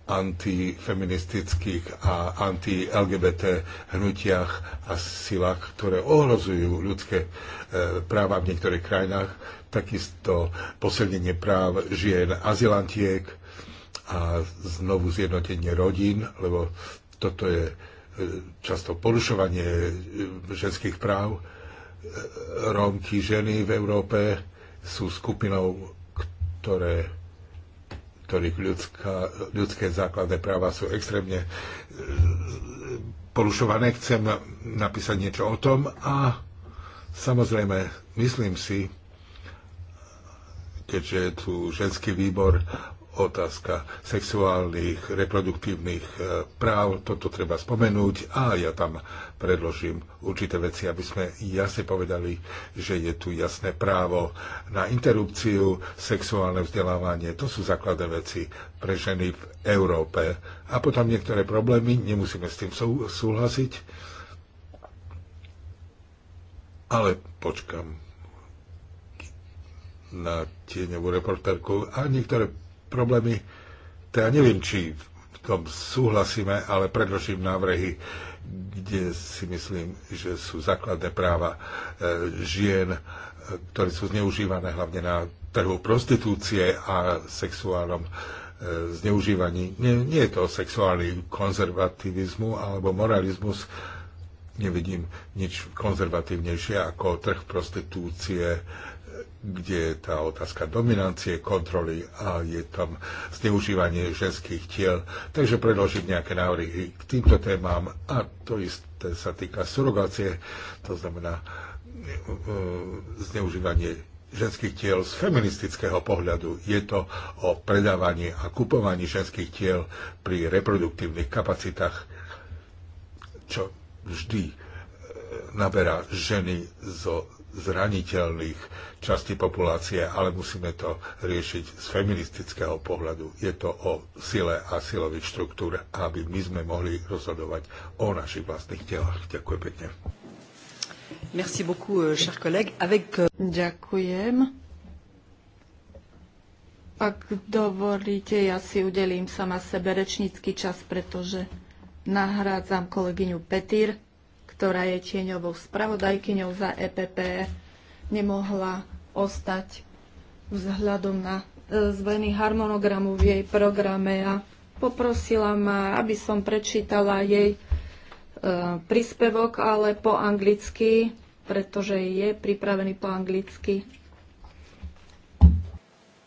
antifeministických a anti-LGBT hnutiach a silách, ktoré ohrozujú ľudské eh, práva v niektorých krajinách, takisto posilnenie práv žien azilantiek a znovu zjednotenie rodín, lebo toto je často porušovanie e, ženských práv. E, Rómky ženy v Európe sú skupinou, ktoré, ktorých ľudská, ľudské základné práva sú extrémne e, porušované. Chcem napísať niečo o tom a samozrejme myslím si, keďže je tu ženský výbor otázka sexuálnych, reproduktívnych e, práv, toto treba spomenúť a ja tam predložím určité veci, aby sme jasne povedali, že je tu jasné právo na interrupciu, sexuálne vzdelávanie, to sú základné veci pre ženy v Európe. A potom niektoré problémy, nemusíme s tým sú, súhlasiť, ale počkam na tieňovú reportérku a niektoré problémy. Teda neviem, či v tom súhlasíme, ale predložím návrhy, kde si myslím, že sú základné práva e, žien, e, ktoré sú zneužívané hlavne na trhu prostitúcie a sexuálnom e, zneužívaní. Nie, nie je to sexuálny konzervativizmu alebo moralizmus. Nevidím nič konzervatívnejšie ako trh prostitúcie, kde je tá otázka dominancie, kontroly a je tam zneužívanie ženských tiel. Takže predložiť nejaké návrhy k týmto témam a to isté sa týka surogácie, to znamená e, e, zneužívanie ženských tiel z feministického pohľadu. Je to o predávaní a kupovaní ženských tiel pri reproduktívnych kapacitách, čo vždy e, naberá ženy zo zraniteľných častí populácie, ale musíme to riešiť z feministického pohľadu. Je to o sile a silových štruktúr, aby my sme mohli rozhodovať o našich vlastných telách. Ďakujem pekne. Merci beaucoup, euh, cher collègue. Avec... Euh, Ďakujem. Ak dovolíte, ja si udelím sama sebe rečnícky čas, pretože nahrádzam kolegyňu Petír ktorá je tieňovou spravodajkyňou za EPP, nemohla ostať vzhľadom na e, zvený harmonogramu v jej programe a poprosila ma, aby som prečítala jej e, príspevok, ale po anglicky, pretože je pripravený po anglicky.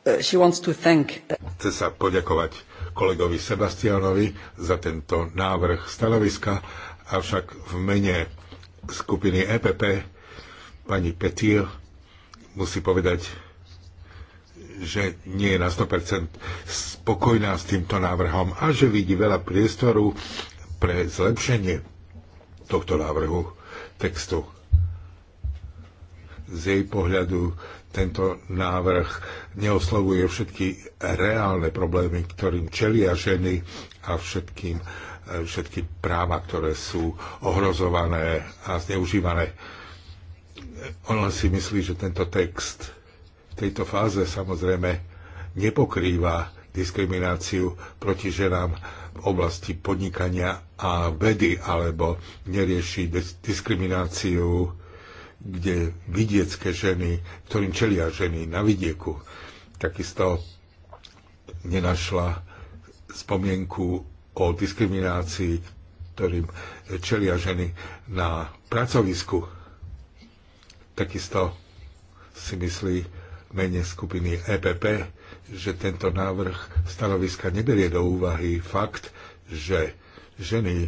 Uh, she wants to thank... Uh, Chce sa poďakovať kolegovi Sebastianovi za tento návrh stanoviska avšak v mene skupiny EPP pani Petir musí povedať, že nie je na 100% spokojná s týmto návrhom a že vidí veľa priestoru pre zlepšenie tohto návrhu textu. Z jej pohľadu tento návrh neoslovuje všetky reálne problémy, ktorým čelia ženy a všetkým všetky práva, ktoré sú ohrozované a zneužívané. On len si myslí, že tento text v tejto fáze samozrejme nepokrýva diskrimináciu proti ženám v oblasti podnikania a vedy, alebo nerieši diskrimináciu, kde vidiecké ženy, ktorým čelia ženy na vidieku, takisto nenašla spomienku o diskriminácii, ktorým čelia ženy na pracovisku. Takisto si myslí mene skupiny EPP, že tento návrh stanoviska neberie do úvahy fakt, že ženy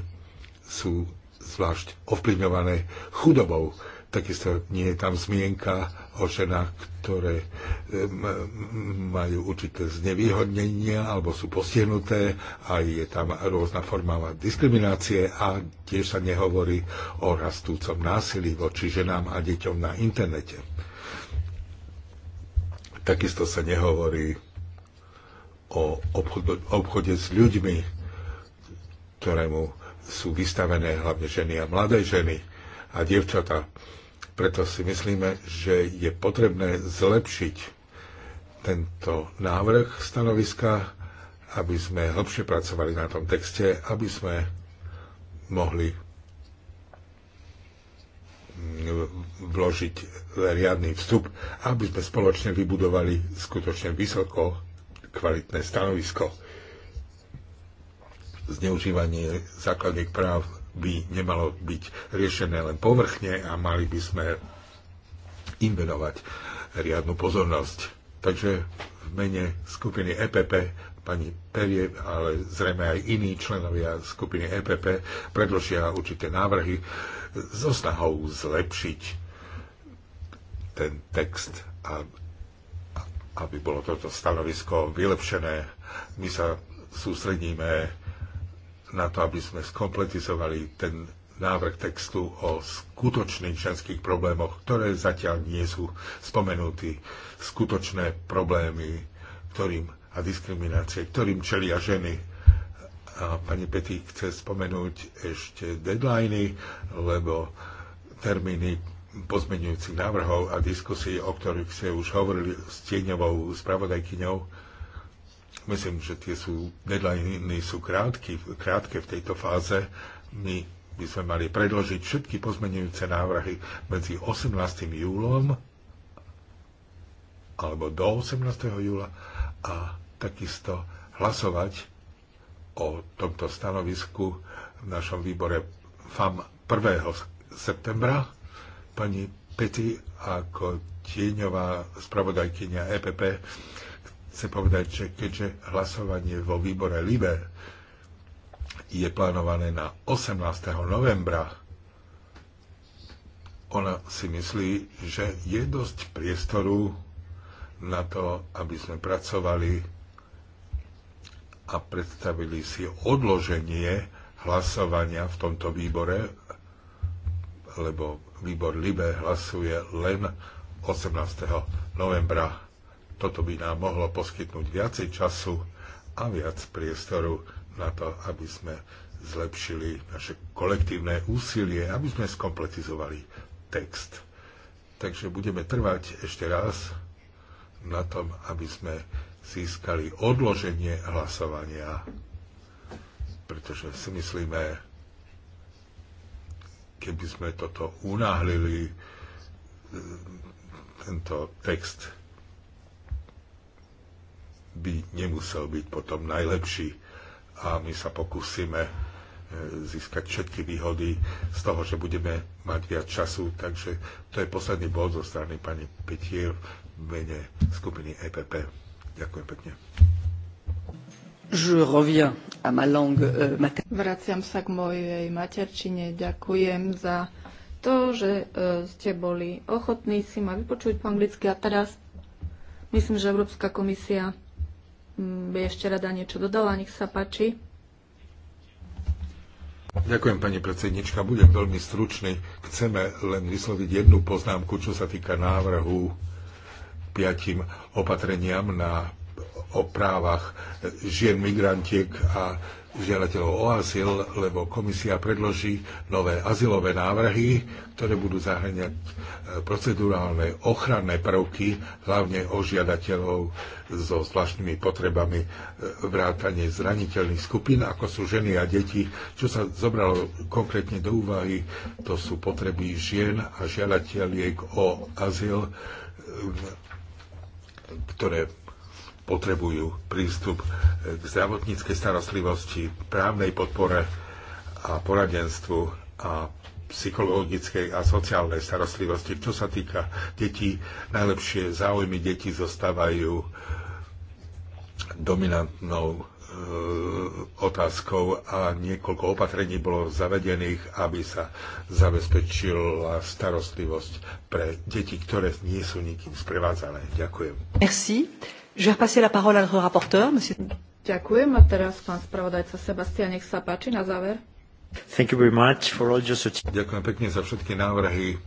sú zvlášť ovplyvňované chudobou. Takisto nie je tam zmienka o ženách, ktoré majú určité znevýhodnenia alebo sú postihnuté a je tam rôzna forma diskriminácie a tiež sa nehovorí o rastúcom násilí voči ženám a deťom na internete. Takisto sa nehovorí o obchode, s ľuďmi, ktorému sú vystavené hlavne ženy a mladé ženy a dievčatá. Preto si myslíme, že je potrebné zlepšiť tento návrh stanoviska, aby sme hlbšie pracovali na tom texte, aby sme mohli vložiť riadný vstup, aby sme spoločne vybudovali skutočne vysoko kvalitné stanovisko. Zneužívanie základných práv by nemalo byť riešené len povrchne a mali by sme im venovať riadnu pozornosť. Takže v mene skupiny EPP pani Perie, ale zrejme aj iní členovia skupiny EPP predložia určité návrhy so snahou zlepšiť ten text a aby bolo toto stanovisko vylepšené. My sa sústredíme na to, aby sme skompletizovali ten návrh textu o skutočných ženských problémoch, ktoré zatiaľ nie sú spomenutí. Skutočné problémy ktorým, a diskriminácie, ktorým čelia ženy. A pani Peti chce spomenúť ešte deadliny, lebo termíny pozmenujúcich návrhov a diskusí, o ktorých ste už hovorili s tieňovou spravodajkyňou, Myslím, že tie sú, deadline sú krátky, krátke v tejto fáze. My by sme mali predložiť všetky pozmenujúce návrhy medzi 18. júlom alebo do 18. júla a takisto hlasovať o tomto stanovisku v našom výbore FAM 1. septembra. Pani Peti ako tieňová spravodajkynia EPP chcem povedať, že keďže hlasovanie vo výbore LIBE je plánované na 18. novembra, ona si myslí, že je dosť priestoru na to, aby sme pracovali a predstavili si odloženie hlasovania v tomto výbore, lebo výbor LIBE hlasuje len 18. novembra toto by nám mohlo poskytnúť viacej času a viac priestoru na to, aby sme zlepšili naše kolektívne úsilie, aby sme skompletizovali text. Takže budeme trvať ešte raz na tom, aby sme získali odloženie hlasovania, pretože si myslíme, keby sme toto unáhlili, e, tento text by nemusel byť potom najlepší. A my sa pokúsime e, získať všetky výhody z toho, že budeme mať viac času. Takže to je posledný bod zo strany pani Petier v mene skupiny EPP. Ďakujem pekne. Euh, Vraciam sa k mojej materčine. Ďakujem za to, že euh, ste boli ochotní si ma vypočuť po anglicky a teraz myslím, že Európska komisia by mm, ešte rada niečo dodala. Nech sa páči. Ďakujem, pani predsednička. Budem veľmi stručný. Chceme len vysloviť jednu poznámku, čo sa týka návrhu piatim opatreniam na o právach žien migrantiek a žiadateľov o azyl, lebo komisia predloží nové azylové návrhy, ktoré budú zahrňať e, procedurálne ochranné prvky, hlavne o žiadateľov so zvláštnymi potrebami e, vrátane zraniteľných skupín, ako sú ženy a deti. Čo sa zobralo konkrétne do úvahy, to sú potreby žien a žiadateľiek o azyl, e, ktoré potrebujú prístup eh, k zdravotníckej starostlivosti, právnej podpore a poradenstvu a psychologickej a sociálnej starostlivosti. Čo sa týka detí, najlepšie záujmy detí zostávajú dominantnou eh, otázkou a niekoľko opatrení bolo zavedených, aby sa zabezpečila starostlivosť pre deti, ktoré nie sú nikým sprevádzané. Ďakujem. Merci. Je repasser la parole à notre rapporteur, monsieur. Ďakujem a teraz pán spravodajca Sebastian, nech sa páči na záver. Thank you very much for all Ďakujem pekne za všetky návrhy.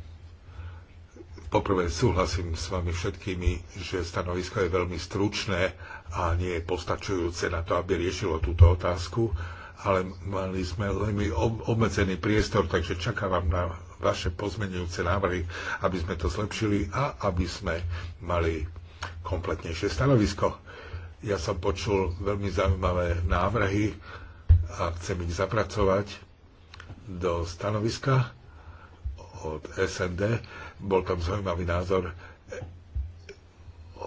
Poprvé súhlasím s vami všetkými, že stanovisko je veľmi stručné a nie je postačujúce na to, aby riešilo túto otázku, ale mali sme veľmi obmedzený priestor, takže čakávam na vaše pozmenujúce návrhy, aby sme to zlepšili a aby sme mali kompletnejšie stanovisko. Ja som počul veľmi zaujímavé návrhy a chcem ich zapracovať do stanoviska od SND. Bol tam zaujímavý názor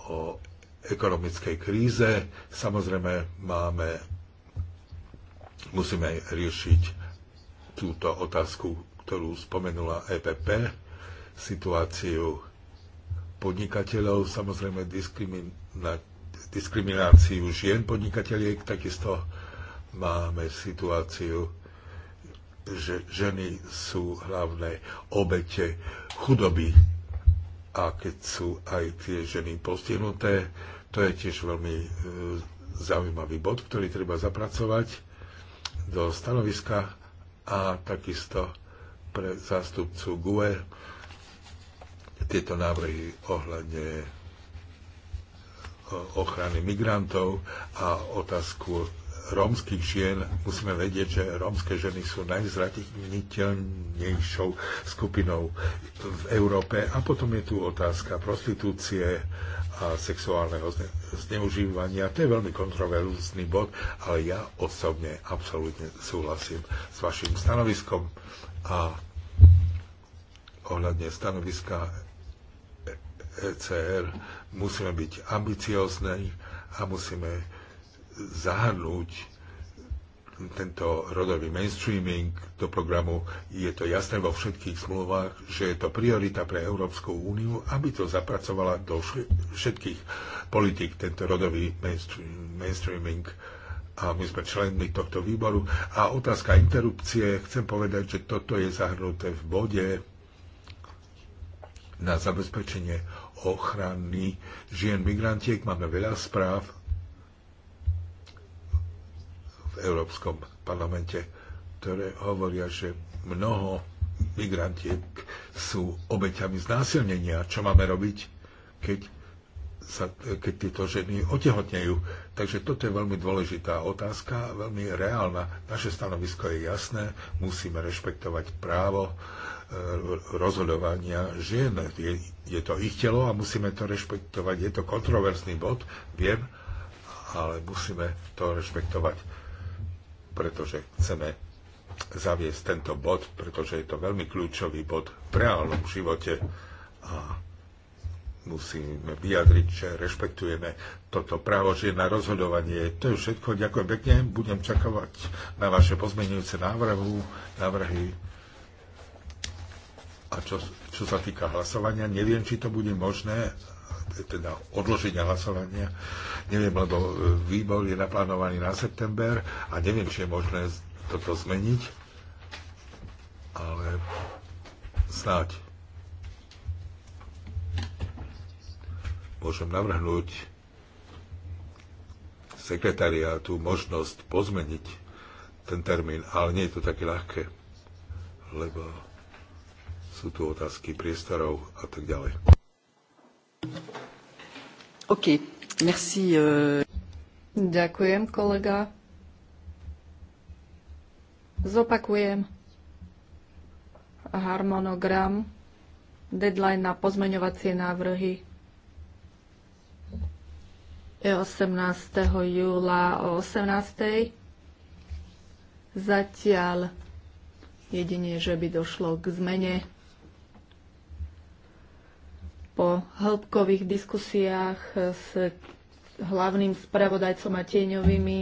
o ekonomickej kríze. Samozrejme máme, musíme riešiť túto otázku, ktorú spomenula EPP, situáciu podnikateľov, samozrejme diskrimináciu žien podnikateľiek, takisto máme situáciu, že ženy sú hlavné obete chudoby a keď sú aj tie ženy postihnuté, to je tiež veľmi e, zaujímavý bod, ktorý treba zapracovať do stanoviska a takisto pre zástupcu GUE tieto návrhy ohľadne eh, ochrany migrantov a otázku rómskych žien. Musíme vedieť, že rómske ženy sú najzraniteľnejšou skupinou v Európe. A potom je tu otázka prostitúcie a sexuálneho zneužívania. To je veľmi kontroverzný bod, ale ja osobne absolútne súhlasím s vašim stanoviskom a ohľadne stanoviska ECR musíme byť ambiciozní a musíme zahrnúť tento rodový mainstreaming do programu. Je to jasné vo všetkých zmluvách, že je to priorita pre Európsku úniu, aby to zapracovala do všetkých politik, tento rodový mainstreaming a my sme členmi tohto výboru. A otázka interrupcie, chcem povedať, že toto je zahrnuté v bode na zabezpečenie ochrany žien migrantiek. Máme veľa správ v Európskom parlamente, ktoré hovoria, že mnoho migrantiek sú obeťami znásilnenia. Čo máme robiť, keď, sa, keď tieto ženy otehotnejú? Takže toto je veľmi dôležitá otázka, veľmi reálna. Naše stanovisko je jasné, musíme rešpektovať právo rozhodovania žien. Je, je to ich telo a musíme to rešpektovať. Je to kontroverzný bod, viem, ale musíme to rešpektovať, pretože chceme zaviesť tento bod, pretože je to veľmi kľúčový bod v reálnom živote a musíme vyjadriť, že rešpektujeme toto právo žien na rozhodovanie. To je všetko. Ďakujem pekne. Budem čakovať na vaše pozmenujúce návrhu, návrhy. A čo, čo sa týka hlasovania, neviem, či to bude možné, teda odloženia hlasovania. Neviem, lebo e, výbor je naplánovaný na september a neviem, či je možné toto zmeniť, ale snáď môžem navrhnúť sekretariátu možnosť pozmeniť ten termín, ale nie je to také ľahké, lebo sú tu otázky priestorov a tak ďalej. OK, merci. Eh. Ďakujem, kolega. Zopakujem harmonogram, deadline na pozmeňovacie návrhy je 18. júla o 18. Zatiaľ jedine, že by došlo k zmene po hĺbkových diskusiách s hlavným spravodajcom a tieňovými,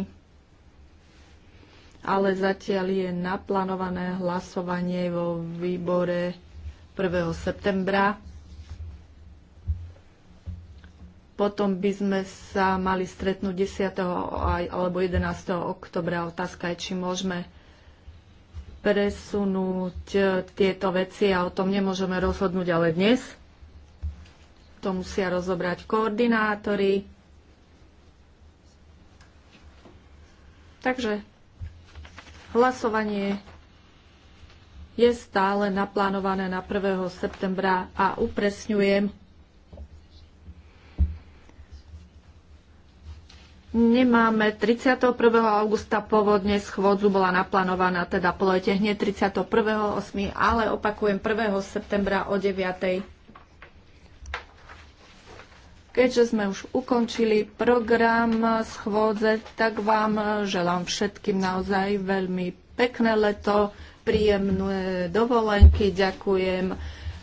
ale zatiaľ je naplánované hlasovanie vo výbore 1. septembra. Potom by sme sa mali stretnúť 10. alebo 11. oktobra. Otázka je, či môžeme presunúť eh, tieto veci a o tom nemôžeme rozhodnúť ale dnes to musia rozobrať koordinátori. Takže hlasovanie je stále naplánované na 1. septembra a upresňujem, Nemáme 31. augusta pôvodne schôdzu bola naplánovaná, teda po lete hneď 31.8., ale opakujem 1. septembra o 9. Keďže sme už ukončili program schôdze, tak vám želám všetkým naozaj veľmi pekné leto, príjemné dovolenky. Ďakujem e,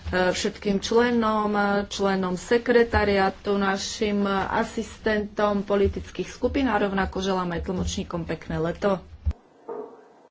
všetkým členom, členom sekretariatu, našim asistentom politických skupín a rovnako želáme tlmočníkom pekné leto.